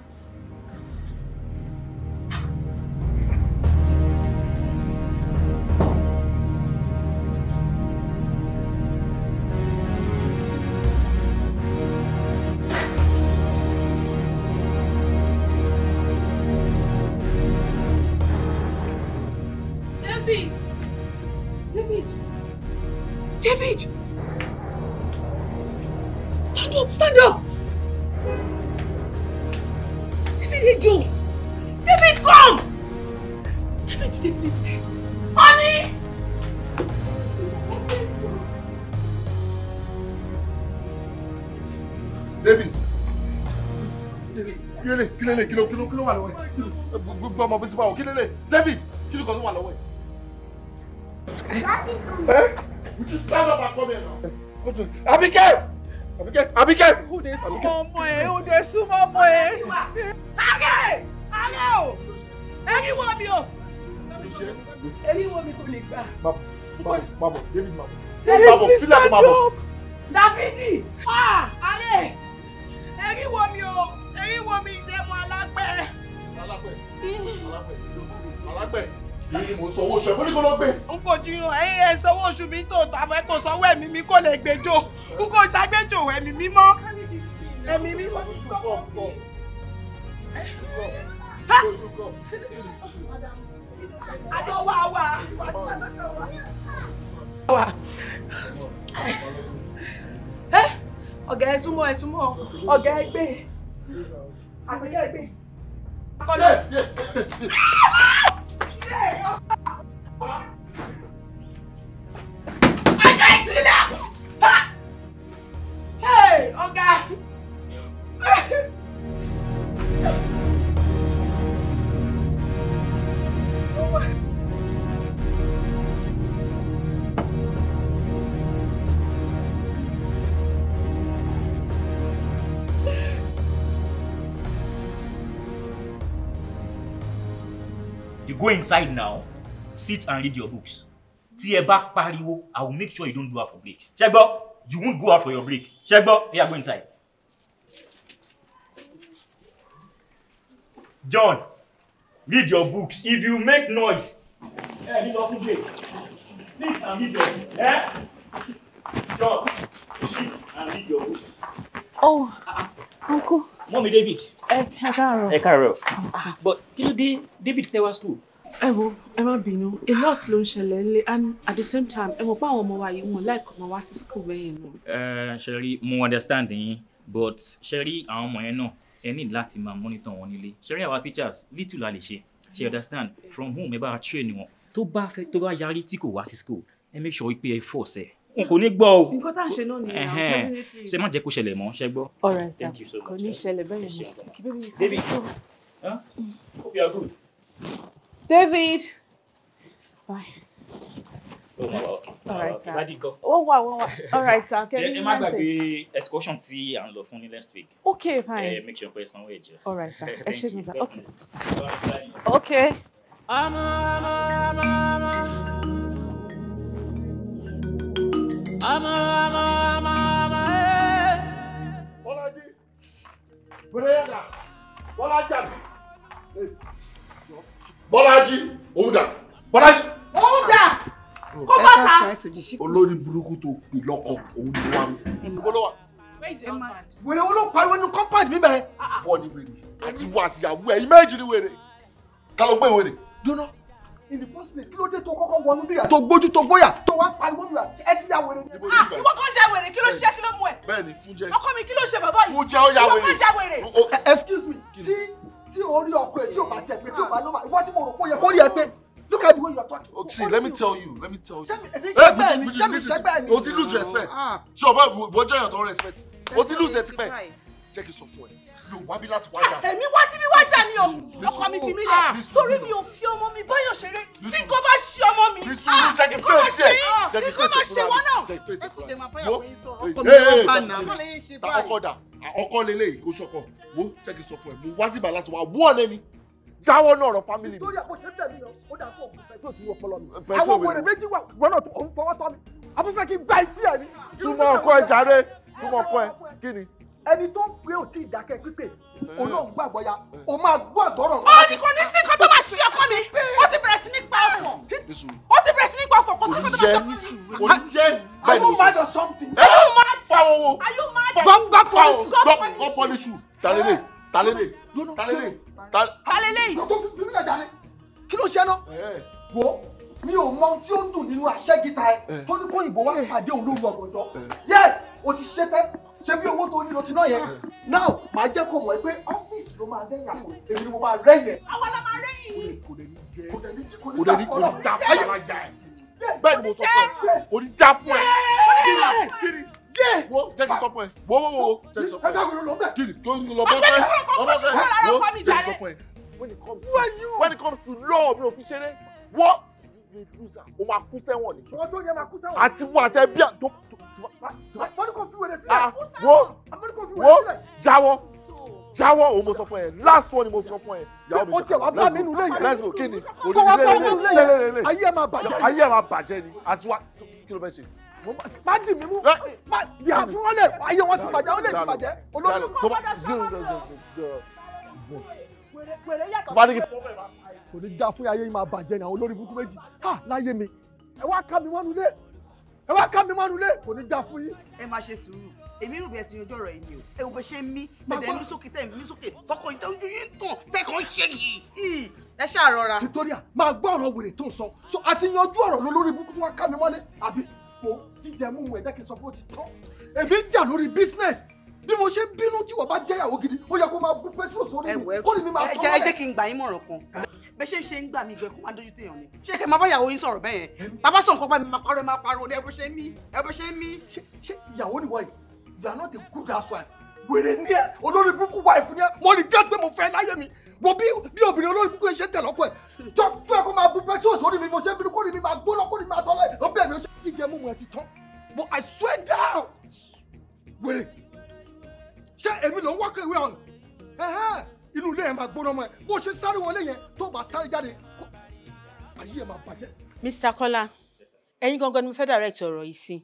lélẹ̀ kí ló kí ló kí ló wà lọ́wọ́ ti bá wò kí David kí ló kàn ló wà lọ́wọ́ ẹ̀. stand up and come here now. Abike Abike Abike. o de súnmọ́ ọmọ ẹ o de súnmọ́ ọmọ ẹ. ààrẹ ààrẹ o eriwo mi o. eriwo mi kò lè gbà. mabọ David mabọ. mabọ sílẹ̀ mabọ. Davidi ah ààrẹ eriwo mi o eriwo mi alápẹ̀ alápẹ̀ mo sọ oṣù ẹ̀ mo ní kó lọ gbé. n kò jiyàn ẹyin ẹ sanwó oṣù mi tó àmọ́ ẹ kò sanwó ẹ̀mí mi kò lè gbẹjọ n kò ṣàgbẹjọ ẹ̀mí mi mọ́ ẹ̀mí mi mọ́. ọ̀gá ẹ súnmọ́ ẹ súnmọ́ ọ̀gá ẹ gbé àgbẹ̀kẹ́ Yeah, yeah, yeah, Ọ̀gá ìsílẹ̀! Hey, ọ̀gá! go inside now sit and read your books tí ẹ bá pariwo i will make sure you don't go out for break ṣẹgbọ́ you won't go out for your break ṣẹgbọ́ yeah go inside. john read your books if you make noise ẹ ní lọ fún break sit and read your books eh? john sit and read your books. oh uncle. mọ́mi david. ẹ káàárọ̀. ẹ káàárọ̀ ah, but kí ló dé david tẹ́wá school ẹ wo ẹ a lot ló ń ṣẹlẹ̀ nílé and at the same time ẹ mọ̀ pé àwọn ọmọ wa yìí wọn láìkọ́ máa school bẹ́ẹ̀ yẹn náà. ẹ ṣe rí but ṣe I'm àwọn ọmọ yẹn náà ẹ ní láti máa monitor wọn nílé ṣe teachers little la She ṣe understand from whom ẹ bá train wọn tó bá fẹ́ tó bá yarí tí kò wá school ẹ make sure pé ẹ force ẹ n kò ní gbọ́ o. nǹkan tá à ń ṣe náà nìyẹn àwọn kẹ́mínítì. ṣe má jẹ́ kó ṣẹlẹ̀ mọ́ ṣe gbọ́. ọ̀rẹ́ sà kò ní ṣẹlẹ̀ hope you are good. David. Bye. Oh, my welcome. All right, sir. Imagine go. Oh, wow, wow, wow. All right, sir. Can you imagine? be má excursion tí à ń next week. Okay, fine. Uh, make sure you pé sanwó ẹ̀jẹ̀. All right, sir. Ẹ ṣé gan-an, sir. Okay. Okay. Ama, ama, ama, ama. Ama, ama, ama, ama. Bọ́lájí. Bọ́lájí. Bọ́lájí. Please bọ́lájí òun dà bọ́lájí. òun dà ah. kó bá ta. olórí burúkú tó pè lọ́kọ̀ òun ni wà mí. wèrè wọn ló pariwo nínú compound mi bẹ́ẹ̀. Ah, ah. wọ́n ní wèrè àti wọ́n àti ìyàwó ẹ̀yin méjì ni wèrè ká ló gbé wèrè. jóná in the first place kí ló dé tó kọ́kọ́ wọnú bíyà. tó gbójú tó gbóyà tó wá pariwo bíyà ẹ ti ya wèrè. ah ìwọ kan ṣe wèrè kí ló ṣe kí ló mú ẹ. bẹ́ẹ̀ni fúnjẹ ọkọ mi kí ló ṣe bàbá yìí fúnjẹ ó ya wèrè. excuse me tí orí ọkọ ẹ tí ò bá tiẹ̀ pé tí ò bá lọ́mà ìwọ tí mo rò pé ó yẹ kó rí ẹ pé look at the way you are talking. okay oh, see, let me tell you let me tell you. sẹ́mi èmi sẹ́gbẹ́ ni sẹ́mi sẹ́gbẹ́ ni. o ti lose respect ah. ṣé ọba ìwọ jẹ́ ìyàtọ̀ respect o ti lose respect jẹ́ kí n sọ fún ẹ yóò wá bí láti wájà. Ah, èmi wá síbi wájà ni o ọkọ mi fi mí lẹ̀ torí mi ò fi ọmọ mi báyọ̀ ṣeré tí nǹkan bá ṣe ọmọ mi nǹkan ah, bá ṣe nǹkan bá ṣe wọn náà. ẹ ti dè máa báyọ̀ wọ́n yín sọ̀rọ̀ ọkọ mi ò ọkọ lélẹ̀ yìí kó sọkọ wo jẹ́kí sọkọ ẹ̀ mo wá síbà láti wá wú ọ̀nẹ́ ni jáwọ́ náà rọ family mi. nítorí àpòṣe tẹ̀lé yọ ó dà fún òkùnfẹ́ tó ti wọ ọpọlọ mi. àwọn wèrè méjì wà gbọ́dọ̀ tó ń fọwọ́ tọ́ mi àbúfẹ́ kí n gba etí ẹ̀ ni. túmọ̀ ọkọ ẹ jàre túmọ̀ ọkọ ẹ kí ni. ẹni tó ń pè ó tí ì dákẹ́ pípé òun náà gbàgbọ́ ya òun máa gbọ́ àgbọ̀rọ̀. ó ṣe ọkọ mi ó ti bẹ̀rẹ̀ sí ní pa ọ̀fọ̀ ó ti bẹ̀rẹ̀ sí ní pa ọ̀fọ̀ kò sọ́kọ́ tó bá sọ́kọ́ mi. kò ní jẹ́ bẹ́ẹ̀ ni o mad or something. ẹ yóò mad pàwọ́ gbọ́ngbà pàwọ́ gbọ́ pọ́líṣù tàlélè tàlélè tàlélè tàlélè. tó fi fi mí lẹ̀ jáde kí ló ṣe ná wo mi ò mọ ohun tí ó ń dùn nínú aṣẹ́gita ẹ tó ní kóyìnbó wá pàdé òun ló ń wọ ṣé bí owó tó ní lo ti ná yẹn now màá jẹ́ kó mọ̀ ẹ́ pé ọ́fíìsì ló máa dẹ́yìn àpò èmi ni mo máa rẹ́ yẹn. àwọn ọlọ́ máa rẹ́ yìí. kò lè ní jẹ kò lè ní jẹ kò lè ní kò lè já fún ara jà ẹ bẹ́ẹ̀ ni mo sọ fún ẹ kò ní já fún ẹ kiri kiri wo jẹ́ kí n sọ fún ẹ wo wo wo jẹ́ kí n sọ fún ẹ kiri kí n lọ bọ́ fún ẹ lọ bọ́ fún ẹ wo jẹ́ kí n sọ fún ẹ when it comes to law mi ò fi ṣeré wọ́ o máa kú sẹ́wọ̀n ni àti wo àti ẹbí àti mọ́nìkò ah, wo wo jáwọ́ jáwọ́ òun mo sọ fún ẹ last one ni mo sọ fún ẹ. o tiẹ̀ wá bá mi nù lẹ́yìn. let's go kí ni onílé lè ayé ẹ̀ máa bàjẹ́ ni. ayé ẹ̀ máa bàjẹ́ ni àti wá kí ló fẹ́ ṣe. má dì mí mú má dì àfúrọ́lẹ̀ ayé wọn ti bàjẹ́ ó lè ti bàjẹ́ olórí. kò ní dá fún ayé yìí máa bàjẹ́ ni àwọn olórí burúkú méjì láyé mi ẹ wá ká mi wọ́n nulẹ̀ ẹ wá ká mi mọ́nu kò ní já fún yín. ẹ máa ṣe sùúrù èmi rò bí ẹ ti yanjú ọ̀rọ̀ yìí o ẹ ò bẹ ṣe mí tẹ̀lé mí sókè tẹ̀ mí sókè tọkọ yìí yín tàn tẹ́kàn ṣe yìí ẹ ṣáà rọra. Victoria máa gbọ́ ọ̀rọ̀ wèrè tó ń sọ so a ti yanjú ọ̀rọ̀ lórí burúkú tí wọ́n ká mi mọ́lé àbí kò jíjẹ mú mu ẹ̀jẹ̀ kí n sọ pé ó ti tán business bí mo ṣe bínú tí wọ́n bá jẹ́ gidi ó yẹ kó máa bú pẹ́trò sórí mi kó ní mi máa tọ́ ọ́ lẹ̀. ẹ jẹ́ kí n gbà yín mọ̀ràn kan bẹ ṣe ṣe ń gbà mí gbẹkùn máa dojú tèèyàn ni ṣé kẹ máa bá ìyàwó yín sọ̀rọ̀ bẹ́ẹ̀ yẹn bàbá sọ nǹkan pa mi máa pariwo máa pariwo ni ẹ bó ṣe mí ẹ bó ṣe mí. ṣé ìyàwó ni wọ́n yìí you are not a good housewife wèrè ní ẹ olórí burúkú wife ní ẹ mo rí dé pé mo fẹ́ láyé mi wo bí bí obìnrin olórí burúkú yẹn ṣe tẹ̀ lọ́kọ̀ ẹ̀ tó tó ẹ kó máa bu pẹ́tíọ̀sì orí mi mo ṣe ń bínú kórìí mi máa gbóná kórìí mi máa tọ́lẹ̀ ó bẹ̀rẹ̀ mi ó ṣe jíjẹ mú mu ẹ ti tán mo I swear down wèrè ṣé èmi ló ń wákọ̀ ìwé ọ̀nà inú ilé yẹn máa gbóná mọ́ ẹ bó ṣe sáré wọlé yẹn tó bá sáré jáde ayé ẹ máa bàjẹ́. Mr. Kola ẹ̀yin gangan ni mo fẹ́ direct ọ̀rọ̀ yìí sí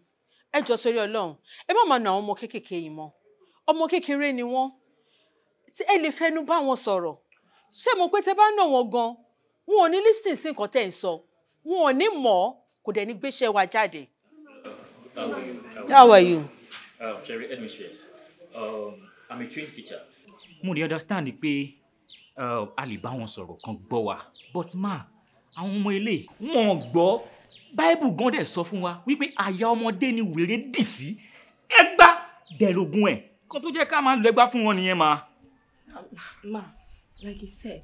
ẹ jọ sórí Ọlọ́run ẹ má máa nà àwọn ọmọ kéékèèké yìí mọ́ ọmọ kékeré ni wọ́n tí ẹ lè fẹnu bá wọn sọ̀rọ̀ ṣé mo pé tẹ bá nà wọn gan wọn ò ní lísìn sí nǹkan tẹ̀ ń sọ wọn ò ní mọ̀ ọ́ kò dẹ̀ ní gbéṣẹ́ wa jáde. How are you? How are you? Uh, Sherry, Um, I'm a trained teacher mo dey understand pé eh, a lè bá wọn sọ̀rọ̀ kan gbọ́ wa but ma àwọn ọmọ ilé wọn gbọ́ báíbù gan dẹ̀ sọ fún wa wípé àyà ọmọdé ni wèrè dì sí ẹgbá dẹ̀rọ̀gùn ẹ̀ kan tó jẹ́ ká máa lọ fún wọn nìyẹn ma. ma like you said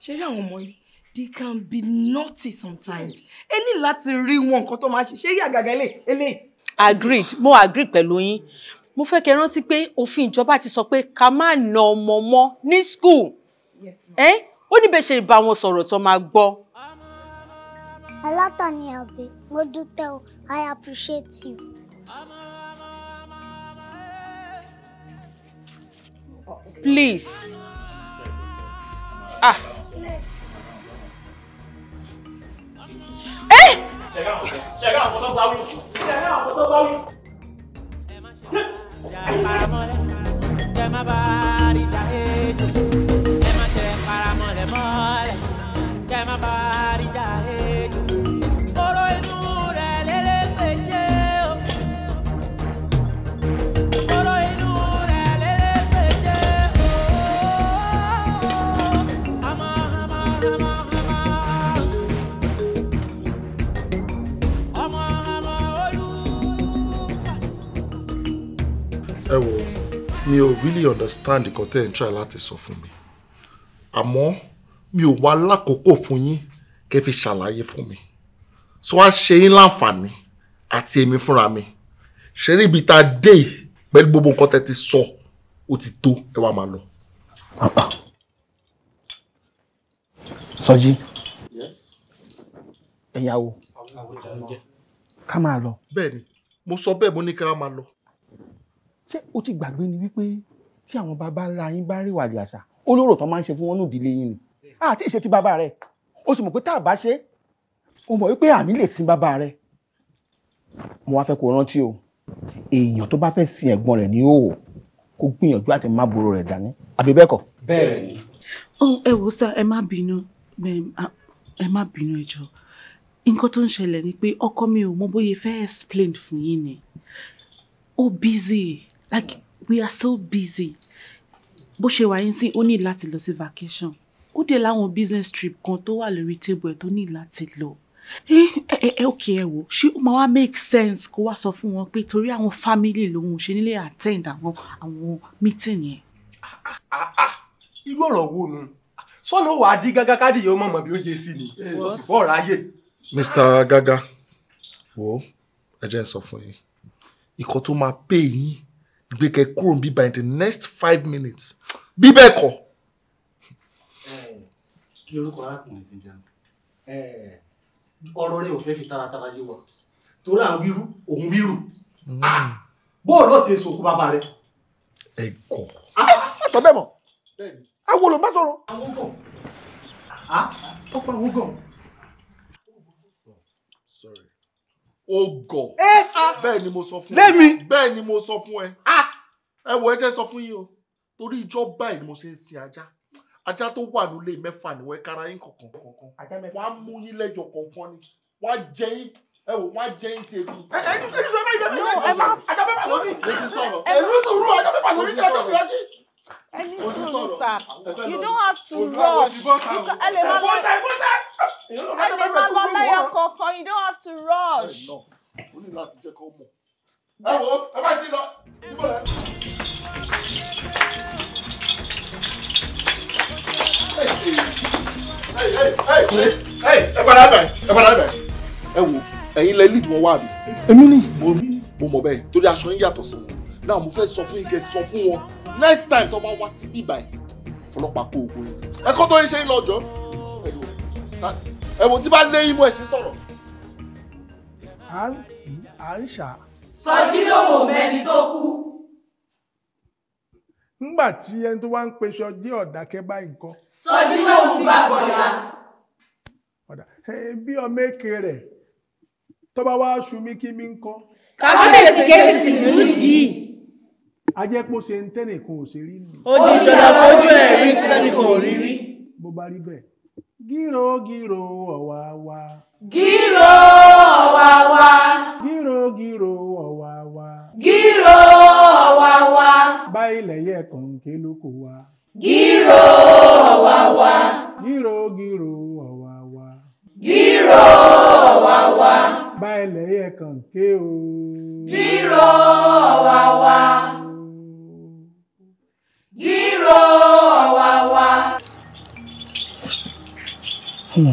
ṣe rí àwọn ọmọ yìí they can be naughty sometimes ẹ ní láti rí wọn nǹkan tó máa ṣe ṣe rí àgàgà eléyìí. agreed mo agree pẹ̀lú yín mo fẹ́ kẹ́ rántí pé òfin ìjọba ti sọ pé ká má na ọmọ mọ́ ní school ó ní ṣe bá wọn sọ̀rọ̀ tó máa gbọ́. alátàní àbí mo dúpẹ́ o I appreciate you. Please. Ah. Eh! Chegar, chegar, vou dar o Chegar, vou dar o Mole, mole, mole, mole, mole, mole, mole, a mole, mole, mole, mole, mole, mole, mole, ẹ wo mi ò really understand nǹkan tẹ́ ẹ̀ ń try láti sọ fún mi àmọ́ mi ò wá lákòókò fún yín kẹ́ fi ṣàlàyé fún mi so wá ṣe yín láǹfààní àti èmi fúnra mi ṣe rí ibi tá a dé yìí pẹ̀lú gbogbo nǹkan tẹ́ ti sọ ó ti tó ẹ wá máa lọ. Sọjí ẹ̀yàwó ká máa lọ. bẹ́ẹ̀ni mo sọ bẹ́ẹ̀ mo ní ká máa lọ ṣé o ti gbàgbé ni wípé tí àwọn bàbá ńlá yín bá rí wàlẹ̀ àṣà olóró tán máa ń ṣe fún wọn ní ìdílé yín ni àti ìṣe ti bàbá rẹ o sì mọ̀ pé tá a bá ṣe o mọ̀ wípé àní lè sin bàbá rẹ mo wá fẹ́ kó rántí o èèyàn tó bá fẹ́ sin ẹ̀gbọ́n rẹ̀ ní òwò kó gbìyànjú àti má boro rẹ̀ dání àbí bẹ́ẹ̀ kọ́. bẹ́ẹ̀ ni. ẹ wo sá ẹ má bínú ẹ má bínú ẹ jọ̀ọ́ nǹkan tó ń ṣẹlẹ̀ ni pé ọkọ mi ò mọ bóyá fẹ́ explain fún yín ni ó busy like we are so busy bó ṣe wà yín sí ó ní láti lọ sí vacation ó dé láwọn business trip kan tó wà lórí table ẹ̀ tó ní láti lọ ẹ ẹ òkè ẹ wò ṣé ó máa wá make sense kó wá sọ fún wọn pé torí àwọn family lòun ṣe nílé attend àwọn àwọn meeting yẹn. irú ọ̀rọ̀ wo nu sọ́nà ó wàá dí gágá káàdì yìí ó mọ̀ mọ̀ bí ó yẹ sí ni bọ́ ọ̀rọ̀ ayé. Mr. Gaga wo ẹ jẹ́ n sọ fún yín ikọ̀ tó máa pè yín gbẹkẹ kúrò bí by the next five minutes bí bẹ́ẹ̀ kọ́. Eh, kí orúkọ arákùnrin ti jẹun eh, ọ̀rọ̀ rẹ ò fẹ́ fi taratara yé wa torí à ń wíru òun wíru bóòlù ọ̀sẹ̀ èso òkú bàbá rẹ. ẹ kọ. Ah. sọ bẹ́ẹ̀ mọ̀ awo ló má sọ̀rọ̀. àwọn gàn ah, àwọn gàn. ogọ̀ bẹ́ẹ̀ ni mo sọ fún ẹ bẹ́ẹ̀ ni mo sọ fún ẹ ẹ wọ ẹ jẹ́ sọ fún yín o torí ìjọ báyìí ni mo ṣe ń sin ajá ajá tó wà nílé mẹ́fà ni wọ́n kára yín kọ̀ọ̀kan kọ̀ọ̀kan wọ́n á mú yín lẹ́jọ kọ̀ọ̀kan ni wọ́n á jẹ yín ẹ wò wọ́n á jẹ yín ti ebi. ẹ ẹ ní sọ ẹ má yẹ ẹ má ajá mẹ́fà lórí. ẹ ní sọ̀rọ̀ ẹ ní sọ̀rọ̀ ajá mẹ́fà lórí kí ajá mẹ́fà lórí ẹni sùúrù sà you don't have to rush because ẹ lè má lọ ẹ lè má you don't have to rush. o ní láti jẹ́ kó mọ̀ ẹ wo ẹ bá ti lọ ìbò lẹ lead wọn wá mi. èmi ni mo mọ̀ bẹ́ẹ̀ torí aṣọ yín yàtọ̀ sí wọn náà mo fẹ́ sọ fún yín kẹ́ sọ fún wọn next time tó bá wá sí bíbá ẹ̀ fọlọ́pàá kó ogun yìí ẹ̀kọ́ tó ń ṣe lọ́jọ́ ẹ̀wọ̀n tí bá lé imú ẹ̀ ṣe sọ̀rọ̀. à ń kì í à ń ṣà. sọjí ló wò mẹ́ni tó kú. nígbà tí ẹni tó wá ń pe sọjí ọ̀dákẹ́ báyìí nǹkan. sọjí lòun ti bá gbọ̀dá. bí ọmọ èké rẹ̀ tó bá wá ṣu mí kí mi ń kọ́. kábíyèsí kéṣì sí ìlú ìdí a jẹ́ pé ó ṣe ń tẹ́nìkan ò ṣe rí nù. ó di ìjọba fojú ẹ̀ rí tẹ́nìkan ò rí rí. bó bá rí bẹ́ẹ̀ gírò gírò ọ̀wà wa. gírò ọ̀wà wa. gírò gírò ọ̀wà wa. gírò ọ̀wà wa. bá ilẹ̀ yẹ kọ̀ǹké lóko wa. gírò ọ̀wà wa. gírò gírò ọ̀wà wa. gírò ọ̀wà wa. bá ilẹ̀ yẹ o. gírò ọ̀wà wa. Hmm.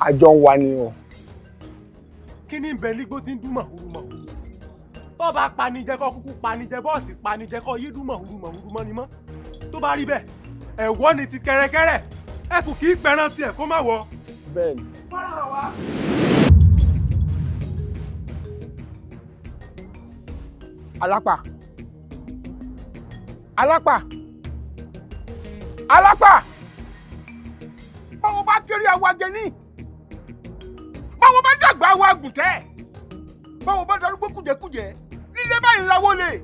àjọ wa ni o. kí ni ń bẹ nígbó ń dún màhúrú tó bá panijẹ kọ́ kúkú panijẹ bọ́ọ̀sì panijẹ kọ́ yídùn mọ̀húrú mọ̀húrú mọ́ ni mọ́ tó bá rí bẹ́ẹ̀ ẹ̀wọ́ ni ti kẹrẹkẹrẹ ẹ kù kí pẹran tiẹ̀ kó má wọ. bẹ́ẹ̀ni. fọ́nrán wa. alápà alápà alápà báwo bá kéré àwọn agẹni báwo bá dàgbà àwọn àgùntẹ báwo bá darúgbó kùjẹkùjẹ dídé báyìí ra wọlé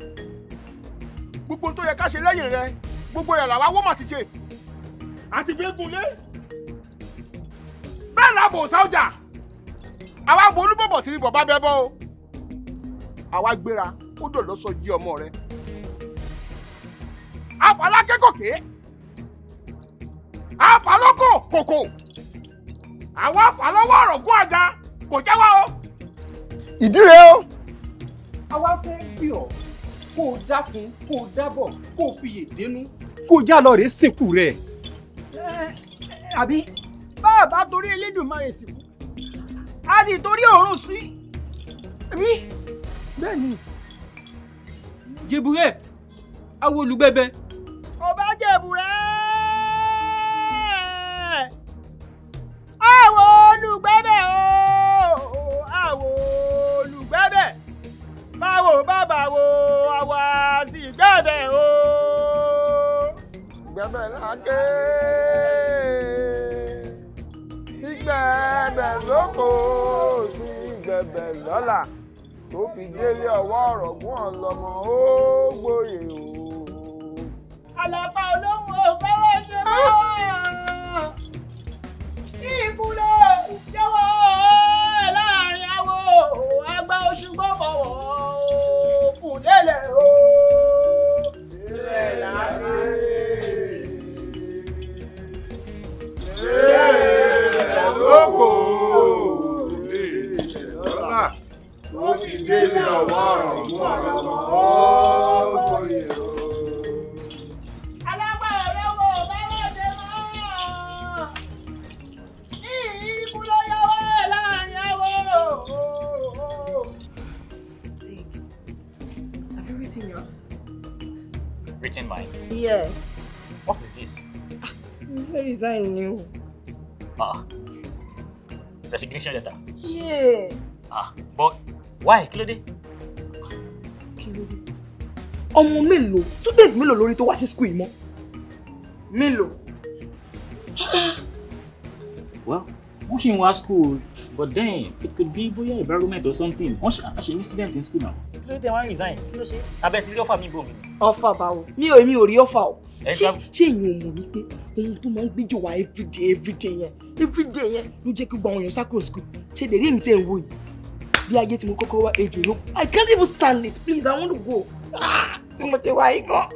gbogbo tó yẹ ká ṣe lẹ́yìn rẹ gbogbo rẹ̀ làwa wọ́n mà ṣe àti gbẹ́gunlé bẹ́ẹ̀ làbò sáwùjà àwa bo olúbọ̀bọ̀ tìrì bọ̀ bá bẹ́ bọ́ o àwa gbéra ó dọ̀ lọ́sọ jí ọmọ rẹ àfàlákẹ́kọ̀ké àfàlọ́kọ̀ kòkò àwọn àfàlọ́wọ́ ọ̀rọ̀ gún àga kò jẹ́wọ́ o. ìdí rèé o a wá fẹ́ bí ọ kó o dákun kó o dábọ̀ kó o fiyè dénú kó o já lọ rèé sìnkú rẹ̀. àbí. bá a bá torí sìnkú a sì torí ọ̀run sí. àbí. bẹ́ẹ̀ni. jẹ̀bùrẹ́ awo olùgbẹ́bẹ́. ọba jẹ̀bùrẹ́. láké gbígbẹ̀bẹ̀ lóko sí gbẹ̀bẹ̀ lọ́la tó fi délé ọwọ́ ọ̀rọ̀ gún ọ̀ lọ́mọ ó gbòye o. àlàpà olóhùn ò fẹ́wọ́ ṣe mọ́ kí ikú jẹ́wọ́ láàrin awo àgbà oṣù gbọ́bọ̀wọ̀ kùdélẹ̀ o. lóko òòlè ìjẹ̀dọ́là ó sì délé ọ̀wọ́ ọ̀rọ̀ mú ọ̀rọ̀ mọ́ tó Have you written yours? Written mine? Yeah. What is this? Very new. Ah resignation letter. yeah. ah but why kí ló dé. kí ló dé ọmọ mélòó student mélòó lórí tó wá sí school mo. Milo. mélòó. well wọ́n ṣì ń wá school but then it could be bóyá environment or something wọ́n ṣe àṣẹ ní students in school now. kí ló dé resign kí ló ṣe abẹ́ ti rí ọ́fà mi bò mí. ọ̀fà báwo mi ò mi ò rí ọ̀fà ṣé ṣé èyàn ò mọ̀ wípé ohun tó máa ń gbéjò wá everyday everyday yẹn everyday yẹn ló jẹ́ kí gbọ́ àwọn èèyàn sákòrò school ṣé lè rí èmi tẹ̀ ń wò yìí bí ajé tí mo kọ́kọ́ wá ejò ló I can't even stand it please I want to go ah, tí mo ti wá yìí gan.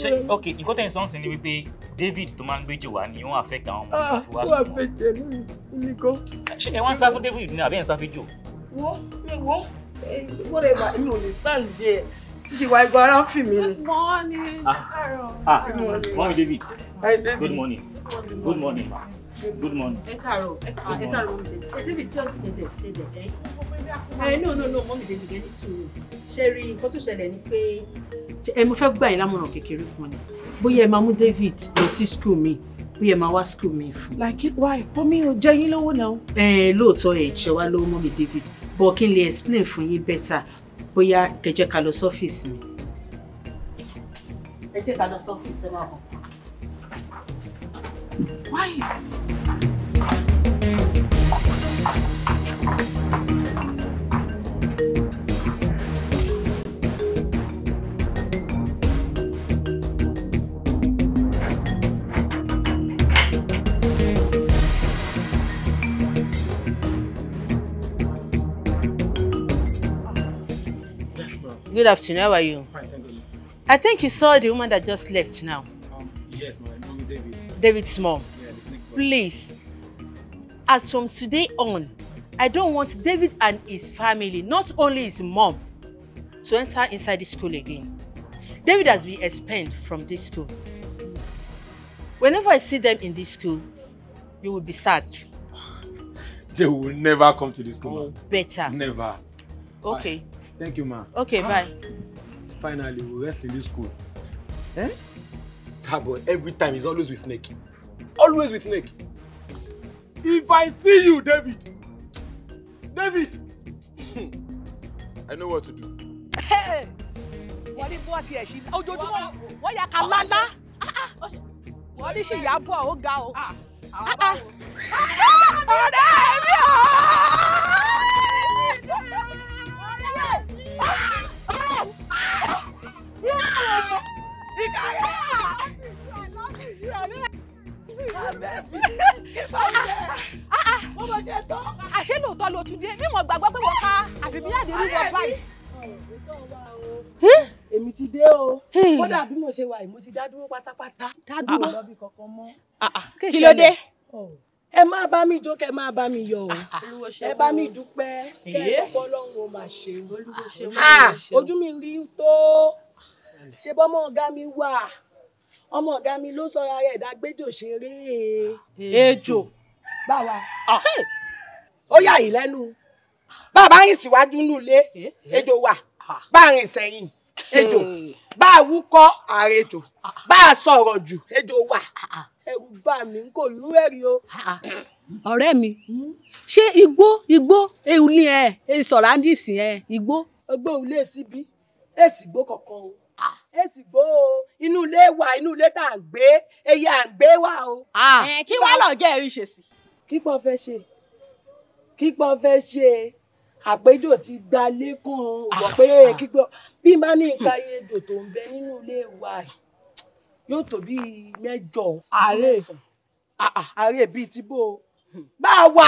ṣe ok nǹkan tẹ̀yìn sọ́ọ̀sì ni wípé David tó máa ń gbéjò wá ni wọ́n affect àwọn ọmọ ìṣòfò wá sùn. wọ́n affect ẹ̀ nìkan. ṣé ẹ wá ń sá David ní àbẹ́yẹn sá fún jò. wọ́n eh, whatever mi ò lè ṣìwà ìgbà ọ̀rọ̀ fì mí ni. good morning. ah ah. mọ́mí David good morning good morning good morning. Carol, káàárọ̀ ẹ káàárọ̀ ẹ káàárọ̀ David just stay there stay there ẹ eh? eh, no no no Mommy David get it sùúrù Sherry, rí to tó ṣẹlẹ̀ ni pé mo fẹ́ gbà yín lámọ̀ràn kékeré kan ni bóyá ẹ máa David lọ sí school me. Bo ye máa wá school me. fún. like it why omi ò jẹ yín lówó náà. Eh, ẹ lóòótọ́ ẹ̀ ṣe wá lówó mommy David bọ́ kí n explain for yín better bóyá kẹ́ jẹ́ ká lọ sọ́fíìsì mi. ẹ jẹ́ ká lọ sọ́fíìsì ẹ máa bọ̀. Good afternoon. How are you? Fine, thank you. I think you saw the woman that just left now. Um, yes, ma'am. David. David Small. Yeah, the snake Please, as from today on, I don't want David and his family, not only his mom, to enter inside the school again. David has been expelled from this school. Whenever I see them in this school, you will be sacked. They will never come to this school. Oh, better. Never. Okay. I Thank you, ma. Okay, ah. bye. Finally, we rest in this school. Eh? That boy, every time he's always with Snake. Always with Snake. If I see you, David. David. I know what to do. Hey! Wọ́n ní bọ́ tiẹ̀ ṣì ojoojúmọ́ wọ́n yà ká lálá. Wọ́n ní ṣì yà bọ̀ ó ga o. Ọ̀rẹ́ mi ò àṣé lóòótọ́ ló tún dé mímọ̀ gbàgbọ́ pé wọ́n ká àfìbíyàdé ní wọ́n báyìí. èmi ti dé o kódà bí mo ṣe wà yìí mo ti dá dúró pátápátá. dá dúró ah, ah. kí ló dé. Oh ẹ máa bá mi jó kẹ máa bá mi yọ̀ o ah, ah. ẹ bá mi dúpẹ́ kẹ ẹ sọpọ Ọlọ́run ó máa ṣe ah, ojú mi rí tó ṣe bọmọ ọ̀gá mi wà ọmọ ọ̀gá mi ló sọ ara ẹ̀ dágbéjò ṣeré ejò báwa ó yà yìí lẹ́nu bàbá rìn síwájú nù lé eh, eh. ejò wà bá rìn sẹ́yìn ejò eh. bá wúkọ́ àrejò bá sọ̀rọ̀ jù ejò wà ẹ̀rù bà mí n kò rú ẹ̀rí o. ọ̀rẹ́ mi ṣé igbó igbó ilé ẹ sọ̀ràndìsì ẹ igbó. ọgbọ́n òun lè síbi èsì gbó kankan o èsì gbó o inú ilé wa inú ilé tá à ń gbé ẹyẹ à ń gbé wa o. kí wàá lọ jẹ́ ẹ̀rí ṣèṣì. kíkọ́ fẹ́ ṣe kíkọ́ fẹ́ ṣe àpéjọ ti gba lẹ́kàn wọ̀ ah. pé kíkọ́ bí má ní nǹkan ayé dò tó ń bẹ nínú ilé wa yìí yóò tó bí mẹ́jọ. ààrẹ ah, ah, ààrẹ bíi ti bó bá a wà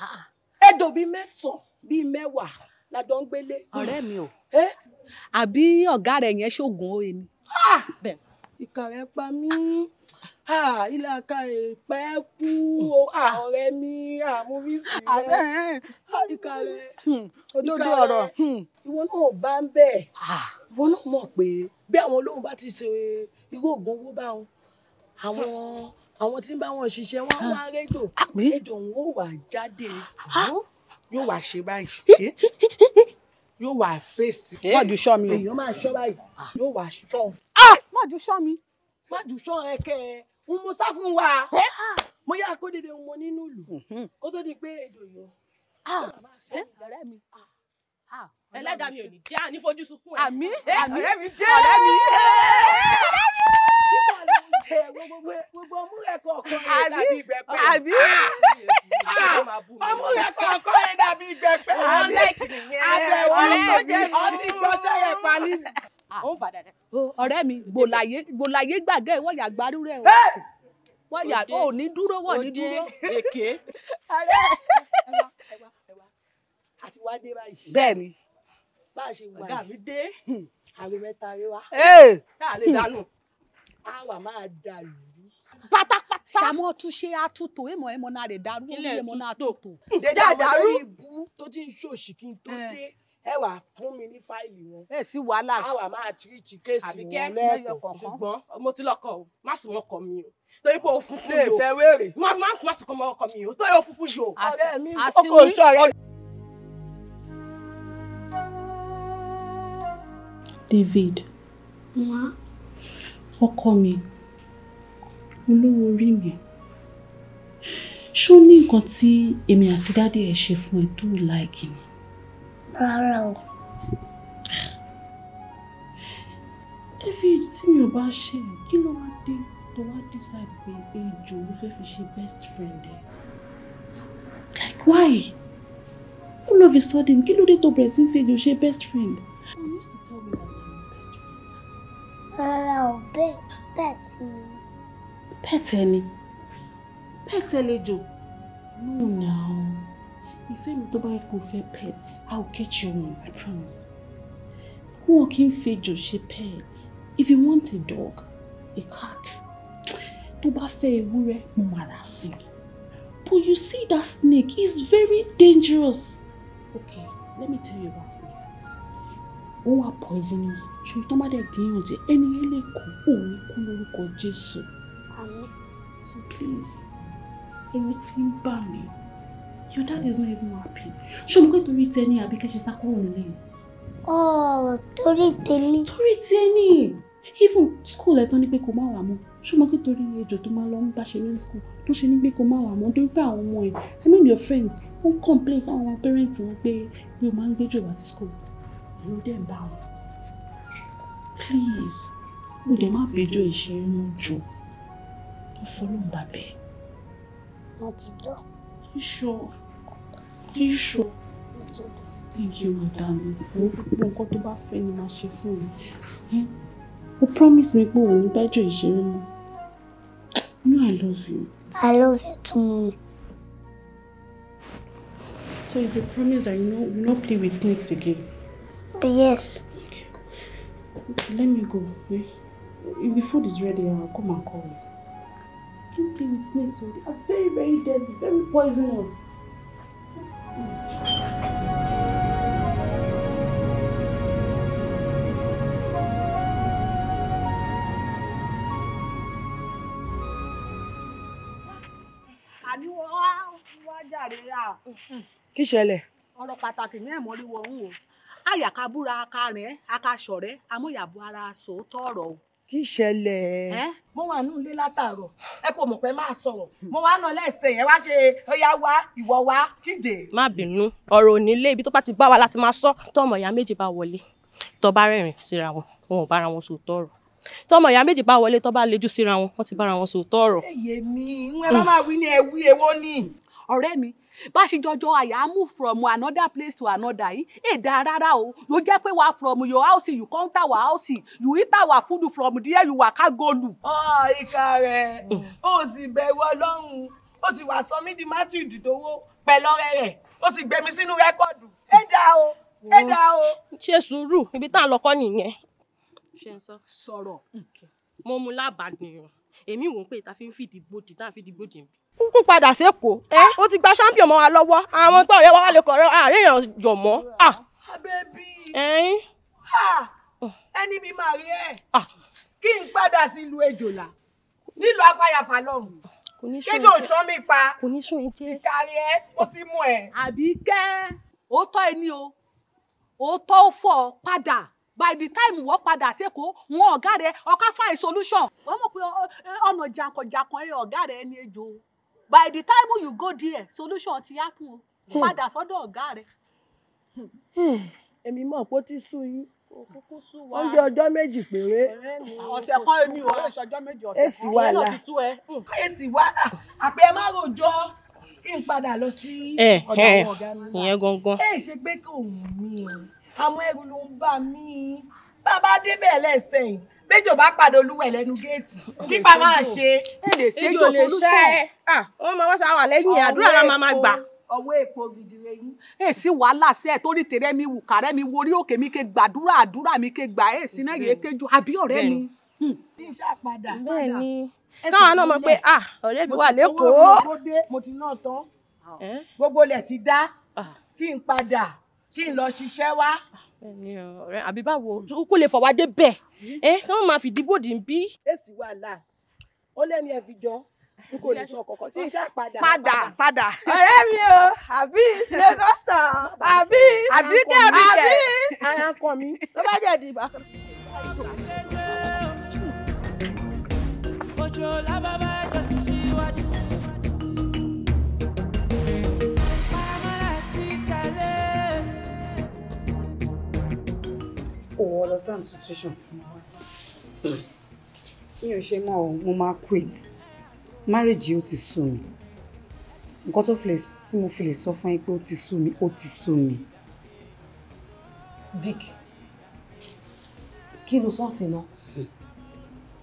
ah, ẹjọ bíi mẹ́sàn bíi mẹ́wàá lájọ ń gbélé. ọ̀rẹ́ mi o àbí ọ̀gá rẹ̀ yẹn ṣoògùn òye ni. ìkà rẹ̀ pa mí ìlàkà ìpẹ́ kú ọ̀rẹ́ mi àmúrísì rẹ̀ ìkà rẹ̀ hmm, ìkà rẹ̀ hmm. ìwọ náà bá ń bẹ̀ ìwọ náà mọ̀ pé bí àwọn olóhùn bá ti ṣe irú oògùn owó bá wọn àwọn àwọn tí ń bá wọn ṣiṣẹ́ wọn wá ah. rédò rédò ń wò jáde ah. yóò wá ṣe báyìí eh. yóò wá fèsì. Eh. má sọ mi èèyàn máa sọ báyìí ah. yóò wá sọ. má sọ mi. má sọ ẹ kẹ ń musa fún wa eh. mo yá kó dédé mo nínú ìlú mhm. kó tó di pé èdò yọ. ọ̀rẹ́ mi ẹlẹ́dàá mi ò ní jẹ́ ànífojú sunkún ẹ̀. àmì àmì ọ̀rẹ́ mi dé ọ̀rẹ́ mi dé. gbogbo ọmú rẹ kọ̀ọ̀kan rẹ dàbí ìgbẹ́pẹ́. àbí ọmú rẹ kọ̀ọ̀kan rẹ dàbí ìgbẹ́pẹ́. àbẹ̀wò tó jẹ́ ọtí gbọ́sẹ̀ rẹ̀ palí. Ah, ọ̀rẹ́ mi gbòláyé gbàgé ìwọ̀yà gbárù rẹ̀ o wọ́n yà ó ní dúró wọ́n ní dúró. èké. àti wá dé báyìí. bẹ́ẹ̀ ni bá a ṣe wà yìí àgbo mẹ́ta rí wa tá lè dànù a wà máa dà lù. pátápátá ṣàmọ́ túnṣe àtúntò èèmọ̀ ẹ̀mọ́ náà rẹ̀ dàrú èèmọ̀ náà àtúntò. dèjà dàrú ibú tó ti ń ṣòṣì kí n tó eh. dé ẹ wà fún mi ní fáìlì wọn. ẹ sì wàhálà a wà máa tiri kéèsì wọn lẹ́ẹ̀kọ̀ ṣùgbọ́n mo ti lọ́kọ̀ o má sùn wọn kọ̀ mi o torí pé o funfun yìí wéèrè má sùn kọ́ mọ́ mi o torí o funfun yìí o. mi. David. Má. Ọkọ mi, olówó orí mi, ṣó ní nǹkan tí èmi àti dádì ẹ̀ ṣe fún ẹ tó láìkì ni? Rárá o. David, tí mi ò bá ṣe, kí ló wá dé tó wá decide pé ejò ló fẹ́ fi ṣe best friend ẹ? Like why? All of a sudden, kí ló dé tó bẹ̀rẹ̀ sí ń fi ejò ṣe best friend? rárá o pet mi. pet ẹni pet ẹlẹ́jọ́ no now ìfẹ́ mi tó bá yẹ kó fẹ́ pet i will get you one i promise. wọn ò kí ń fejò ṣe pet if you want a dog a cat tó bá fẹ́ ewúrẹ́ mo máa rà fún but you see that snake is very dangerous. okay let me tell you about snake ó wà poisonous ṣùgbọ́n tó má dẹ̀ gbìyànjú ẹni yẹn lè kú òun ní kú lórúkọ Jésù. Àmín. So please, ẹ̀rù ti ń bà mí. Your dad is not even happy. Ṣé mo pé torí tẹ́ni àbí kẹ́sẹ̀ sá kúrò nílé? Oh, torí tẹ́ni. Torí tẹ́ni. Even school ẹ̀ tán ní pé kò má wà mọ́. Ṣé mo pé torí ejò tó máa lọ ń bá ṣe ní school tó ṣe ní pé kò má wà mọ́ torí pé àwọn ọmọ ẹ̀ I mean your friends wọ́n complain fáwọn parents wọn pé bí o máa ń gbẹ́jọ́ wá sí school ló dẹ̀ ń bá wọn. please mo dẹ̀ má bẹjọ́ ìṣeré jù mo fọlọ́n bá bẹ́ẹ̀. mo You sure? iṣọ iṣọ. mo ti lọ. thank you madam mo gbogbo nǹkan tó bá fẹ́ my màá ṣe fún mi. o promise mi pé Be doing ìṣeré mọ́. you know i love you. i love you too So it's a promise that you know, you not play with snakes again. Yes. let me go. If the food is ready, I'll come and call you. Don't play with snakes. Oh, they are very, very deadly, very poisonous. Kí ṣẹlẹ̀? Ọ̀rọ̀ pàtàkì ní ẹ̀mọ́rí wọ̀ ń wò àyàkábúra akarẹ̀ akaṣọ̀rẹ́ amóyàbọ̀ ara sòótọ́ ọ̀rọ̀ o. kí ṣẹlẹ̀. ẹ mo wà nínú ilé látàárọ̀ ẹ kò mọ̀ pé máa sọ̀rọ̀ hmm. mo wà nà lẹ́sẹ̀ yẹn wá ṣe ọya wa ìwọ wa kíde. má bínú ọ̀rọ̀ onílé ibi tó bá ti bá wa láti máa sọ tọmọ ìyá méjì bá wọlé tó bá rẹ́rìn síra wọn wọn ò bára wọn sòótọ́ ọ̀rọ̀ tọmọ ìyá méjì bá wọlé tó bá lejú síra wọn wọn ti bára wọn sòótọ́ ọ̀rọ̀. èyí mi ń wẹ́ bá ṣe jọjọ àyà move from another place to another yìí èdè rárá o ló jẹ́ pé wà from your house you count our house you eat our food from there you waka go lu. ọ ìka rẹ ó sì bẹ̀rù ọlọ́run ó sì wá sọ di matthew dìdówó pẹ̀lú ọ̀rẹ́ rẹ̀ ó sì gbé mi sínú rẹ́kọ̀dù ẹ dá o ẹ dá o. ṣe sùúrù ibi tá à ń lọ kọ́ nìyẹn. ṣe ń sọ sọ̀rọ̀ mo mú lábàá nìyẹn èmi wò ó pé ìta fi ń fìdí gbòdì tá à ń fìdí gbòdì mi kúkú padà sékòó ó ti gba champion mọ́ wa lọ́wọ́ àwọn tó ọ̀rẹ́ wa wà lè kọ̀ọ̀rẹ́ àárẹ̀yàn yọ̀ mọ́. abẹ́bí ẹni bí màá rí ẹ kí n padà sí ìlú ejòlá nílùú afáyàfà lọ́hùn kéde òṣọ́ mi pa ìkàrí ẹ ó ti mú ẹ. Àbíkẹ́ òótọ́ ẹ ní o òótọ́ ó fọ́ padà by the time wọ́n padà sẹ́kọ̀ọ́ wọn ọ̀gá rẹ̀ ọ̀ká find solution wọ́n mọ̀ pé ọ̀nà jàǹkànjàǹkàn ẹ̀ ọ̀gá rẹ̀ ẹni ejò by the time you go there solution ti happen o hmm. padà sọ́dọ̀ ọ̀gá rẹ̀. Hmm. èmi mọ̀ pé ó ti sú yín oúnjẹ ọjọ́ méjì péré ọ̀sẹ̀ kan èmi o. rẹ̀ ṣọjọ́ méjì ọ̀sẹ̀ kan hmm. èsì wà là èsì wà là àpẹ ẹ má rojọ́ kí n padà lọ sí ọ̀dọ̀ àwọn ọ̀gá mi ìyẹn gangan. ẹ ṣe pé kí òun mi o àwọn ẹrù ló ń bà mí bàbá débẹ̀ lẹ́sẹ̀ yìí bẹ́jọ́ bá pàdé olúwẹ̀ lẹ́nu géètì nípa máa ṣe. èjò lè ṣe é wọ́n ah, máa wá sọ àwọn àlẹ́yìn àdúrà la máa máa gbà. ọwọ́ èpo gidi lẹ́yìn. èsì wàhálà sí ẹ torí tèrè mi wù kàrẹ́ mi worí òkè mi ké gbàdúrà àdúrà mi ké gbà èsì náà yẹ kéjú àbí ọ̀rẹ́ mi. bí hmm. iṣẹ́ àpadà. bẹ́ẹ̀ni káwọn náà mọ̀ pé ah, ọ̀rẹ́ mi wà lẹ́kọ̀ọ́. mo ti náà tán ah. gbogbo ilẹ̀ ti dá kí n padà kí n lọ ṣiṣẹ́ wá ọ̀rẹ́ àbí báwo kó lè fọwọ́ dé bẹ́ẹ̀ hmm? ẹ kí wọ́n máa fìdí bòdì ń bí. èsì wà láà ó lẹ́ni ẹ̀ fi jọ n kò lè sọ kọ̀kọ̀ tí iṣẹ́ padà. padà padà. ọ̀rẹ́ mi o abis Lagos town abis abike abike ara kọ mi tó bá jẹ́ di ìbá. ojo lábàbà ẹjọ ti ṣíwájú. o understand situation tí mo wà mi quit marriage yìí ó ti sú mi nǹkan tó tí mo fi lè sọ fún yín pé ó ti sú mi ó ti sú mi. Vic kí ló sọ́ọ̀sì náà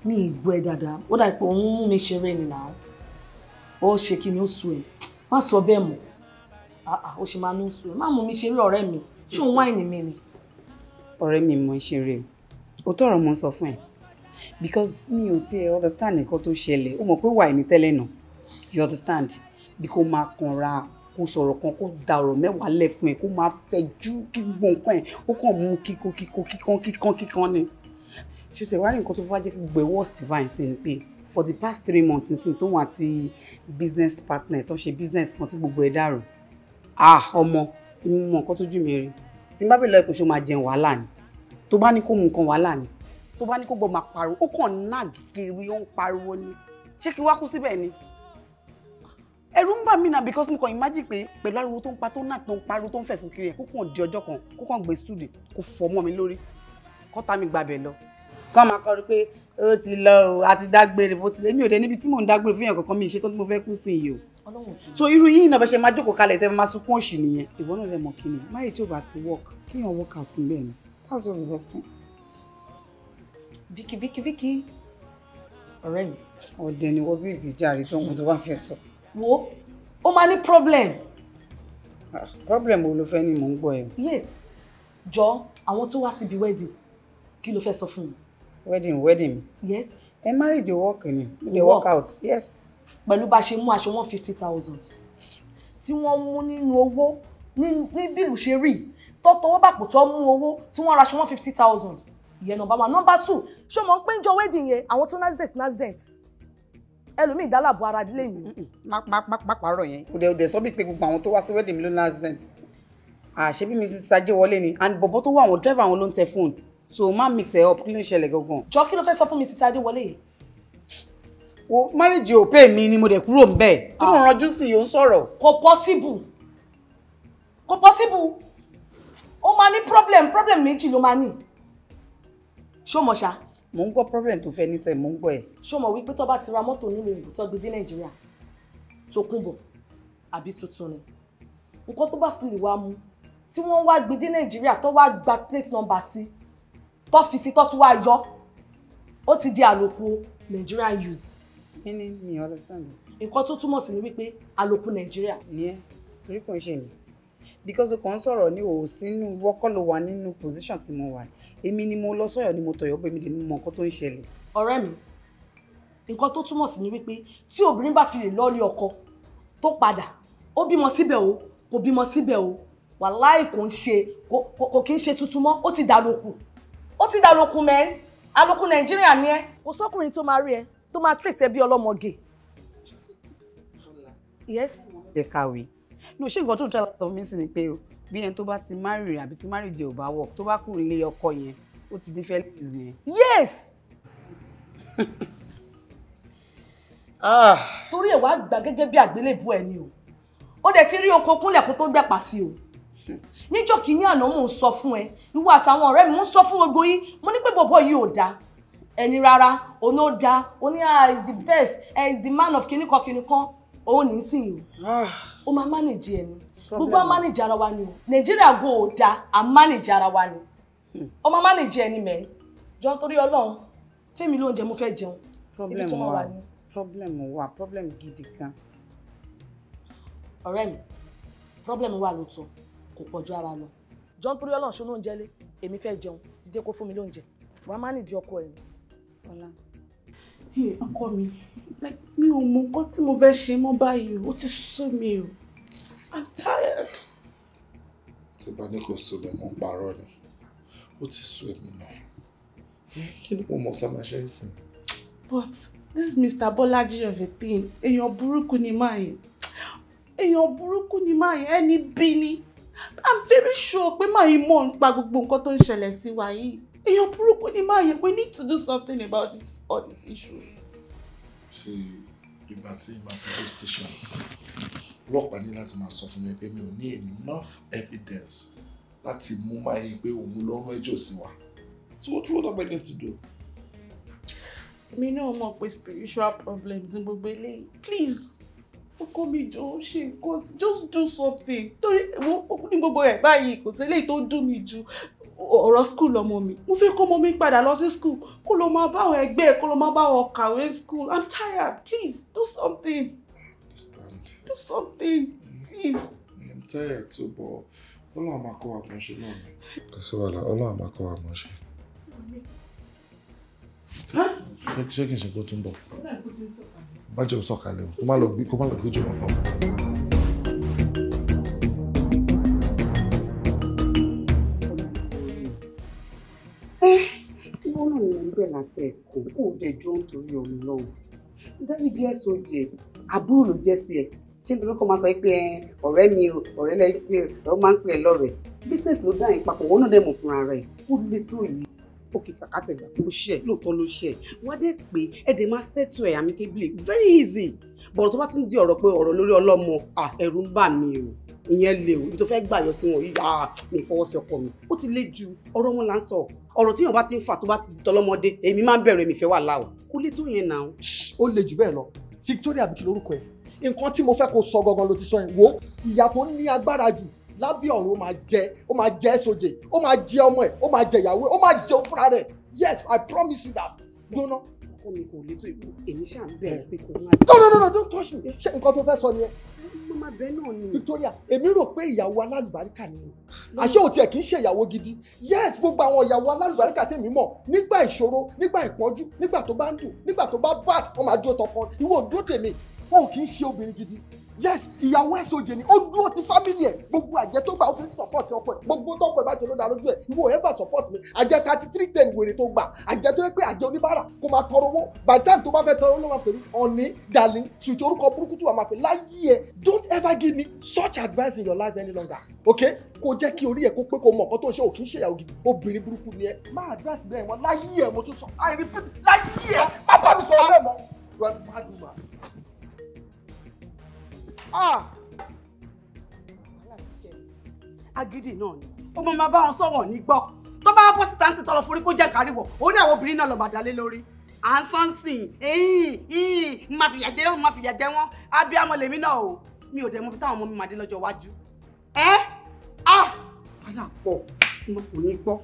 ní ìgbọ́ ẹ dáadáa ó dà pé òun mú mi ṣeré ni náà ó ṣe kí ni ó sú ẹ má sọ bẹ́ẹ̀ mọ́ ah, ah, ó ṣe máa ń sú ẹ má mú ọ̀rẹ́ mi mo ń ṣeré o tọrọ mo sọ fún ẹ because mi ò tiẹ̀ understand nǹkan tó ṣẹlẹ̀ o mọ̀ pé wà ní tẹ́lẹ̀ náà you understand bí kò máa kanra kò sọ̀rọ̀ kan kò da ọ̀rọ̀ mẹ́wàá lẹ̀ fún ẹ kò máa fẹ́ ju gbogbo nǹkan ẹ̀ ó kàn mú kíkó kíkó kíkan kíkan kíkan ni ṣùṣe wá ní nǹkan tó fẹ́ jẹ́ gbogbo ẹ̀ worst divine sí ni pé for the past three months nsìn tó wà ti business partner tó ṣe business kan tí gbogbo ẹ̀ dàrú ah ọmọ ìmú mọ nǹkan tó jù mí rí tí n bá bèèrè lọ́ọ́ pé ṣé máa jẹun wàhálà ni tó bá ní kó mu nǹkan wàhálà ni tó bá ní kó gbọ́ máa pariwo ó kàn ná gírí ó ń pariwo ni ṣé kí wá kú síbẹ̀ ni ẹ̀rù ń bà mí náà because mo kàn imagine pé pẹ̀lú ariwo tó ń pa tó ń nà tó ń pariwo tó ń fẹ̀ fún kiri yẹn kó kàn di ọjọ́ kan kó kàn gbé studio kó fọ mọ́ mi lórí kọ́ta mi gbàbẹ̀ lọ kọ́ máa kọ́ rí pé ó ti lọ o àti dágbére bó ti lé mi ò dé níbi tí mò ń dágbére fún yàn kankan mi ìṣe so irú yìí náà bẹ ṣe máa jókòó kalẹ̀ tẹ́ máa sunkún òṣì nìyẹn ìwọ náà lè mọ̀ kí ni marriage tí ò bá ti work kéèyàn work out ń bẹ́ẹ̀ ni that's just the best thing. Vicky Vicky Vicky ọ̀rẹ́ mi. ọ̀dẹ̀ ni wọ́n bí ìgbìjà rẹ̀ tó ń kó tó bá fẹ́ sọ. wo ó máa ní problem. Ah, problem wo ló fẹ́ ni mò ń gbọ́ ẹ. yes jọ àwọn tó wá síbi wedding kí ló fẹ́ sọ fún mi. wedding wedding. yes. ẹ marriage dey work ni dey work out yes pẹ̀lú bá ṣe mú aṣọ one fifty thousand tí wọ́n mú nínú owó ní bílù ṣe rí tó tọwọ́ bàpò tó mú owó tí wọ́n ra one fifty thousand ìyẹn nọ́mbà wa nọ́mbà two ṣé mo ń pé ń jọ wedding yẹn àwọn tó nasdet nasdet ẹlòmíì ìdálàbò ara ilé mi. má pààrọ̀ yẹn kò dẹ̀ ò dẹ̀ sọ bíi pé gbogbo àwọn tó wá sí wedding mi ló nasdet àṣé bí mrs sajé wọlé ni and bọ̀bọ̀ tó wà àwọn driver àwọn ló ń tẹ fóònù so má mix ẹ̀ up kí ló ń ṣẹlẹ̀ gangan. jọ kí ló fẹ́ sọ fún mrs sajé wọlé yìí wo marriage ò pè mí ni mo dẹ̀ kúrò ń bẹ̀ tó mò ń ah. ranjú sí i ń sọ̀rọ̀. kò possible kò possible ó máa ní problem problem méjì ló máa ní ṣó mọ̀ ṣá. mò ń gbọ́ problem tó fẹ́ níṣẹ́ mò ń gbọ́ ẹ̀. ṣó wípé tó bá ti ra mọ́tò nílùú òyìnbó tó gbé dé nàìjíríà tó kún bọ̀ àbí tuntun ni nǹkan tó bá fi lè wá mu tí wọ́n wá gbé dé nàìjíríà tó wá gba plate number sí tó fi sí tó tún wá yọ ó ti di àlòkù Nigerian use kí ni mi understand. nǹkan tó túmọ̀ sí ni wípé àlòkù nàìjíríà. ní ẹ torí kò ń ṣe mi because o kàn ń sọ̀rọ̀ ní o sínú wọ́kọ́ ló wà nínú position tí mo wà èmi ni mo lọ sọ̀yọ̀ ni mo tọ̀yọ̀ bẹ́ẹ̀ mi lè mọ nǹkan tó ń ṣẹlẹ̀. ọ̀rẹ́ mi nǹkan tó túmọ̀ sí ni wípé tí obìnrin bá fi lè lọ́ọ́lé ọkọ tó padà ó bímọ síbẹ̀ o kò bímọ síbẹ̀ o wàláì kò ń ṣe kò kí ń ṣe tuntun mọ́ ó ti dàlókù ó ti dàlókù mẹ́ẹ́ alókù nàìjíríà ni ẹ kò sọ́kùnrin tó máa rí ẹ tó máa treat ẹ bí ọlọ́mọge. yes. ẹ kàwé ní òṣèlú nǹkan tó ń tẹ́ láti sọ fún mi sí ni pé o bí ẹni tó bá ti marry àbí ti marry jẹ ò bá wọ̀ tó bá kù nílé ọkọ yẹn ó ti di fẹ́ẹ́ lùz yẹn. yes. Ah. torí ẹ̀ wá gbà gẹ́gẹ́ bí àgbélébù ẹ̀ ni o ó dẹ̀ ti rí oko kúnlẹ̀ kó tó gbẹ̀pà sí o níjọ́ kìíní àná mò ń sọ fún ẹ ìwọ àtàwọn ọ̀rẹ́ mi mò ń sọ fún gbogbo yín mo ní pé bọ̀bọ̀ yìí ò dáa ẹni rárá òun ó da òun ní ah is the best ẹ eh, is the man of kìnnìkan kìnnìkan òun ní sìn yìí ah. ó máa manage ẹni gbogbo a manage ara wa ni o nàìjíríà go ò da a manage ara wa ni hmm. ó máa manage ẹni mẹ́rin jọ torí ọlọ́run fẹ́mi lóúnjẹ mo fẹ́ jẹun ibi tó máa wà ní. problem wa. problem gidi gan. ọ̀rẹ́ mi problem wa lóòótọ́ kò pọ̀ ju ara lọ jọ torí ọlọ́run ṣó lóúnjẹ lé èmi fẹ́ jẹun dídé kó fún mi lóúnjẹ wàá má ọkọ ẹ̀ ni. Tọ́lá. ọkọ mi mi ò mọ nǹkan tí mo fẹ́ ṣe mọ́ báyìí ó ti sú mi o i'm tired. tí bá ní kò sọ lè mọ parọ́ ni ó ti sú èmi náà eh, kí ni mo mọ tá máa ṣe ń sìn. but this is Mr. Bolaji of a thing èèyàn burúkú ni máa yẹn èèyàn burúkú ni máa yẹn ẹni bí ni i'm very sure pé màá yí mọ̀ nípa gbogbo nǹkan tó ń ṣẹlẹ̀ sí wa yìí èèyàn burúkú ni máa yẹ we need to do something about this, all this issue. ṣe ìgbà tí màá fi dé station ọlọ́pàá ní láti máa sọ fún mi pé mi ò ní enough evidence láti mú máa yẹ pé òun lọ́rùn ẹjọ́ sí wa. so what do you want about to do? mi náà mọ̀ pé spiritual problems ní gbogbo eléyìí please ọkọ mi jọ ó ṣe nǹkan just do something torí ní gbogbo ẹ̀ báyìí kò sí eléyìí tó dùn mí jù ọ̀rọ̀ school lọ́mọ mi mo fẹ́ kọ́ ọmọ mi padà lọ sí school kó lọ máa bá àwọn ẹgbẹ́ kó lọ máa bá àwọn kàwé school i'm tired please do something do something please. i'm tired too but ọlọ́run máa kọ́ wa mọ̀ ṣe náà ni. kò sí wàhálà ọlọ́run máa kọ́ wa mọ̀ ṣe. ṣé kí n ṣe kó tún bọ̀. bájẹ́ ò sọ̀kalẹ̀ o kó má lọ gbé jù wọn pọ̀. látẹ̀ kó kó o dẹjọ nítorí òun lọ́wọ́ dáríbi ẹ̀sùn jẹ àbúrò ló jẹ́ sí ẹ ṣé nítorí kọ́ máa sọ pé ọ̀rẹ́ mi o ọ̀rẹ́ lẹ́yìn pé ọ máa ń pè é lọ́rẹ̀ business ló dá yín papọ̀ wọn náà dẹ̀ mọ̀ fúnra rẹ̀ ó lé tó yìí ó kì í kàkà tẹ̀gbà ló ṣe lóòótọ́ ló ṣe wọ́n dẹ̀ pé ẹ dẹ̀ máa settle ẹ̀ amicably very easy bọ̀rọ̀ tó bá ti ń di ọ̀rọ̀ pé ọ̀rọ̀ lórí ọlọ́mọ ẹ̀rù ń bà mí o ìyẹn lè o ibi tó fẹ́ gbà yọ sí wọn yìí mi ìfọwọ́sí ọkọ mi ó ti le ju ọ̀rọ̀ wọn là ń sọ ọ̀rọ̀ tí yóò bá ti ń fà tó bá ti di tọlọ́mọdé èmi máa ń bẹ̀rẹ̀ mi fẹ́ wà láò kó lè tó yẹn náà. ó le jù bẹ́ẹ̀ lọ Victoria abikí lórúkọ ẹ̀ nǹkan tí mo fẹ́ kó sọ gangan ló ti sọ yẹn wo ìyá tó ní agbára jù lábẹ́ ọ̀run ó máa jẹ ó máa jẹ sóje ó máa jẹ ọmọ ẹ̀ ó máa jẹ ìyàwó ẹ̀ ó máa jẹun fúnra rẹ̀ yes I promise you that gbóná. ọkọ mi kò lè tó ìbò èmi ṣáà eh. pé kò má. no no no don't touch me eh. ṣé nǹkan tó fẹ́ sọ nìyẹn màmá bẹ́ẹ̀ náà ni. Victoria èmi rò pé ìyàwó alálùbáríkà ni àṣé òtí ẹ̀ kì í ṣe ìyàwó gidi yes gbogbo àwọn ìyàwó alálùbáríkà tèmi mọ̀ nígbà ìṣòro nígbà ìpọ́njú nígbà tó bá ń dùn nígbà tó bá bad wọ́n máa dúró tọkàn ìwọ òdúró tèmi wọn ò kì í ṣe obìnrin gidi yes ìyàwó ẹ̀ sojè ni ó dúró ti family ẹ̀ gbogbo àjẹ tó gbà ó fi support ọkọ ẹ̀ gbogbo tọkọ ẹ̀ bá ṣe ló dá lójú ẹ̀ ìwọ ẹ̀ bá support mi àjẹ thirty three ten wèrè tó gbà àjẹ tó yẹ pé àjẹ oníbàárà kò máa tọrọ owó by the time tó bá fẹ́ tọrọ ló máa pè mí ọ̀ní darling sùtì orúkọ burúkú tó wà máa pè láyé ẹ̀ don't ever give me such advice in your life any longer okay kò jẹ́ kí orí ẹ̀ kó pé kó mọ̀ kó tó ń ṣe òkì ń ṣèyàwó gidi obìnrin burúkú ni ẹ má advice bẹ́ẹ̀ wọn láyé ẹ̀ mo tún sọ I repeat láyé ẹ̀ má bá mi sọ̀rọ̀ bẹ́ẹ̀ mọ́ you are mad woman. Ah! agídí náà ni ó mọ máa bá wọn sọ̀rọ̀ ní gbọ́ tó bá bọ́ síta ń sì tọrọ forí kó jẹ́ káríwọ̀ òun ní àwọn obìnrin náà lọ bàdá lé lórí à ń sán sìn ẹ̀yìn ẹ̀yìn máa fìyà jẹ wọn máa fìyà jẹ wọn abiyamọ lèmi náà o mi ò dẹ̀ mọ̀ bí táwọn ọmọ mi máa dé lọ́jọ́ iwájú ẹ́ á ah! wàhálà pọ̀ mo kò ní gbọ́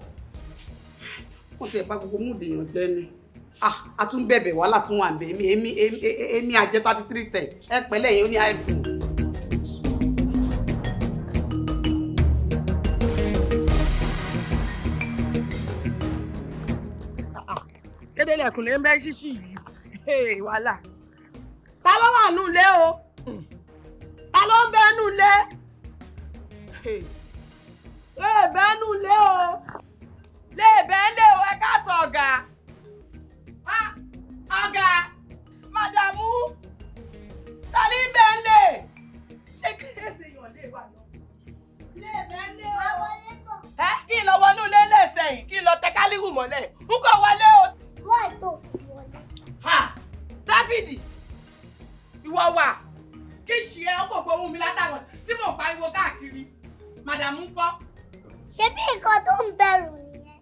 kò tiẹ̀ bá gbogbo mú lèèyàn jẹ́ ni ah! a tún bẹ̀bẹ̀ wàhálà tún wà ń bẹ̀ èmi èmi èmi àjẹ thirty three ten ó ní iphone. délẹ̀kùn lè ń bẹ́ ṣíṣì yìí wàhálà ta ló wà nù lé o ta ló ń bẹ nù lé lè bẹ nù lé o lè bẹ lé o ẹ ká sọ ọ̀gá ọ̀gá màdàmú ta ní bẹ lè ṣé kí ẹ ṣe yàn lè wà lọ lè bẹ lé o. kí n lọ wọnú lé lẹsẹ yìí kí n lọ tẹ kálíwù mọ́lẹ̀ n kò wọlé o. Ha! Dáfídì! Ìwọ wà! Kí ṣì ẹ ọkọ̀ gbọ́ ohun mi látàwọn tí mò ń pariwo káàkiri. Màdàmú ń kọ́. Ṣé bí nǹkan tó ń bẹ̀rù nìyẹn?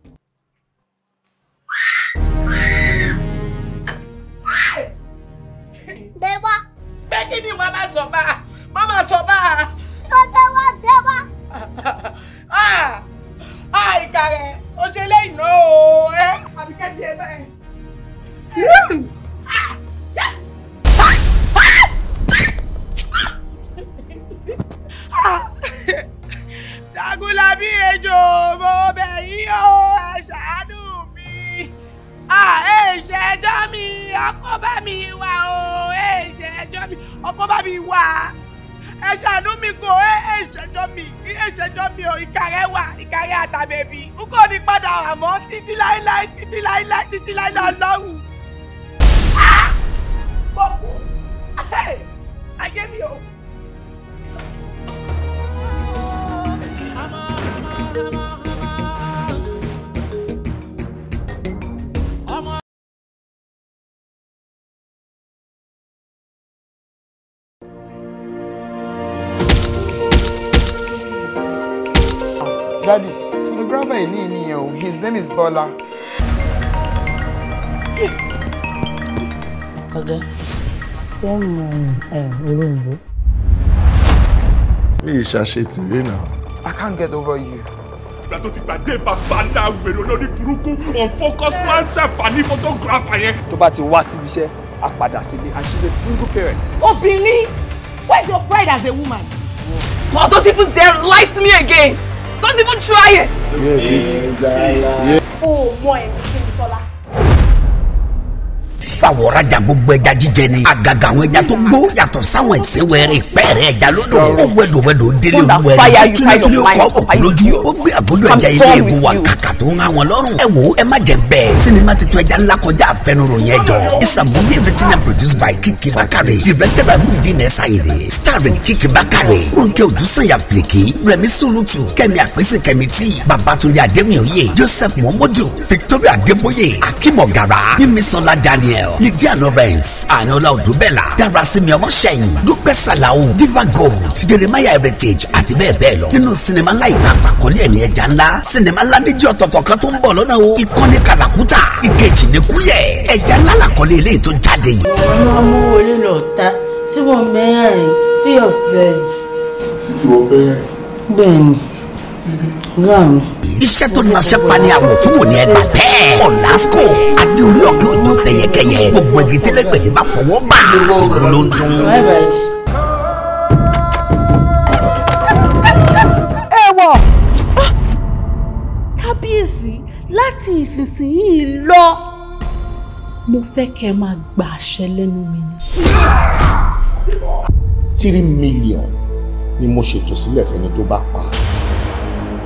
Bẹ́wá. Pé kí ni wàá máa sọ bá a? Má máa sọ bá a. Kọ́ bẹ́wá bẹ́wá. Àìkà rẹ̀, o ṣe lè ná o ẹ́ àbíkẹ́ tiẹ̀ báyìí. Jagunlabi ejò mo bẹ̀ yín o ẹ ṣàánú mi. Àìṣẹ́jọ́ mi ọkọ bá mi wà o ẹ̀ṣẹ̀jọ́ mi ọkọ bá mi wà. Ẹ ṣàánú mi kò ẹ̀ṣẹ̀jọ́ mi ẹ̀ṣẹ̀jọ́ mi o ìkàrẹ́ wà ìkàrẹ́ àtàbẹ̀bí. N kò ní padà wà mọ́ títí láíláí títí láíláí títí láíláí ọlọ́run. Hey, ayé mi o. Daddy, photographer yìí ni his name is Bola. Okay fọ́ọ̀mù olóńgbò. mi ì ṣàṣetì rí náà. I can't get over you. ìgbà tó ti pàdé bàbá ńlá wèrè olórí burúkú unfocused man ṣàǹfààní photographer yẹn. tó bá ti wá síbi iṣẹ́ a padà sílé and she's a single parent. obìnrin where's your pride as a woman. God, don't even dare lie to me again. Don't even try it. Yeah, yeah, yeah. Oh, boy fàwọ̀rajà gbogbo ẹja jíjẹ ni àgàgà àwọn ẹja tó gbó yàtọ̀ sáwọn ẹ̀sìn wẹ̀rẹ̀ pẹ́ẹ́rẹ́ ẹja lódò ó wẹ̀dọ̀wẹ̀dọ̀ délé olúwẹ̀rẹ̀ túnitúni ọkọ̀ ọ̀pọ̀ lójú ó gbé àgbọ̀dọ̀ ẹja ilé ewu wa kàkà tó ń àwọn lọ́rùn ẹ wò ẹ má jẹ bẹ́ẹ̀ sinimá ti tó ẹja ńlá kọjá àfẹnuròyìn ẹjọ it's Joseph Momodu Victoria Adébóyè Akim Ọ̀gárá Mímísọ́lá Daniel ní díà lawrence àyànlá odúbẹ̀là darasimi ọmọṣẹ́yìn dúpẹ́ sàlàó diva gold jeremiah heritage àti bẹ́ẹ̀ bẹ́ẹ̀ lọ nínú sinimá ńlá ìtàn àkọlé ẹ̀mí ẹja ńlá sinimá ńlá méjì ọ̀tọ̀ọ̀tọ̀ kan tó ń bọ̀ lọ́nà o ìkọ́ni kàràkútà ìkejì ní kúyẹ̀ ẹja ńlá làkọlé eléyìí tó jáde yìí. ọmọ ọmọ wọlé lọ ta tí wọn mẹ́rin fi ọ̀sẹ̀. sí kí wọ́n bẹ́ẹ̀. bẹ́ẹ̀ ni iṣẹ́ tó naṣẹ́ pani àwọ̀ tó wò ní bẹ́ẹ̀ ọ̀làfkò adéolú ọ̀kẹ́ òjò tẹ̀yẹkẹyẹ gbogbo igi tẹ́lẹ̀gbẹ̀dẹ̀ bá fọwọ́ bá ìdúró ń kábíyèsí láti ìsinsìnyí lọ mo fẹ́ kẹ́ ẹ máa gba àṣẹ lẹ́nu mi three million ni mo ṣètò sílẹ̀ fẹ́ni tó bá pa á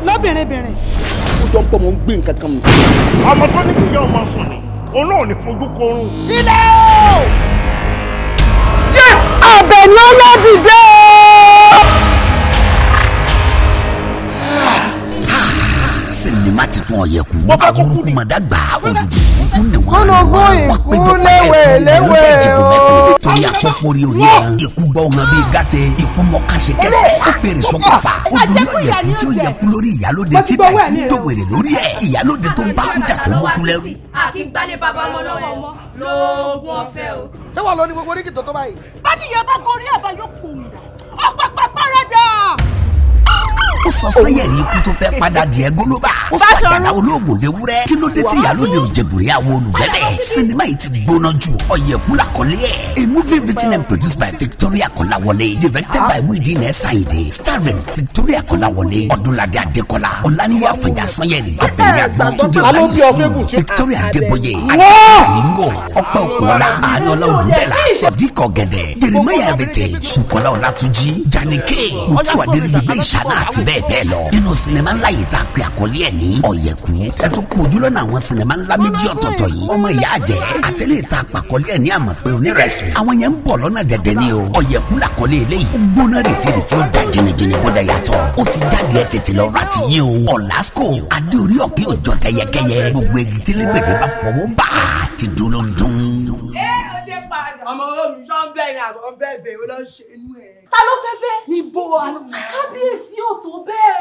lóbìnrinbìnrin. ó jọ pé mo ń gbé nǹkan kan mi. ọmọ tó ní kí ìyá ọmọ sùn ni òun náà ní fojú korun. ilé o. jẹ́ àbẹ̀ ni ó lọ́ dìde o. má ti tún ọ̀yẹ̀ kú àwọn orúkú mọ̀dá gbà òdùdù kú ni wọ́n lọ wọ́n péjọ pàtẹ́ kú ni ló tẹ̀ jìbò mẹ́tò torí àpọ́pọ́rí orí ẹ̀ ikú gbọ́ ọ̀hún bíi gàtẹ́ ikú mọ́ kàṣẹ kẹsẹ̀ ó fèrè sọ́kọ̀ fà odò yóò yẹ kú tí ó yẹ kú lórí ìyálóde tí bẹ́ẹ̀ kú tó wèrè lórí ẹ̀ ìyálóde tó bá kújà tó mú kú lẹ́rú. àti gbalẹ̀ bàbá ọmọ lọ́wọ́ ọmọ lóògùn ọ̀fẹ́ o. ṣé wàá lọ ní gbogbo oríkì tó tó báyìí. bá ó sọ sẹ́yẹ̀rì ikú tó fẹ́ padà díẹ̀ gólóbà ó sọ àgbàlá olóògùn léwúrẹ́ kí ló dé tí ìyálóde òjẹ̀gùrì àwọn olùgbẹ́bẹ̀ sinimá yìí ti gbóná ju ọ̀yẹ̀kú làkọ́lé ẹ̀ a movie written and produced by Victoria Kọ́láwọlé directed by Muideen Ẹ̀sáìdé starring Victoria Kọ́láwọlé Ọdúnládé Adékọ́lá Ọláníyà Fẹ̀yà Sanyẹ̀rì Abẹ̀rẹ̀ Àgbọ̀ntúndé Ọláníyà Victoria Adébóyè Adéyàmíngò Ọpẹ́ Òkúọlá Àyọ̀lá Olùbẹ̀là Sọ̀díkọ̀ Gẹ̀dẹ̀ Jeremiah Heritage Ṣùkọ́lá Ọlátúnjí Janike Mutiwa Adélúgbé Ìṣáná àti b bẹ́ẹ̀ bẹ́ẹ̀ lọ nínú sinimá ńlá yìí tá a pè àkọlé ẹ̀ ní ọ̀yẹ̀kú ẹ tó kú ojúlọ́nà àwọn sinimá ńlá méjì ọ̀tọ̀ọ̀tọ̀ yìí ọmọ ìyá àjẹ́ àtẹ́lẹ̀ tá a pàkọlé ẹ̀ ní àmọ̀pé onírẹ̀sì àwọn yẹn ń bọ̀ lọ́nà dẹ̀dẹ̀ ni o ọ̀yẹ̀kú làkọlé eléyìí gbóná retireti ó da jìnnìjìnnì bọ́dà yàtọ̀ ó ti jáde ẹ̀ tètè lọ ra ti yín o ọ̀làsíkò adé orí ọ̀kẹ́ òjọ tẹyẹkẹyẹ ta ló fẹ́ bẹ́ẹ̀. níbo kábíyèsí ò tó bẹ́ẹ̀.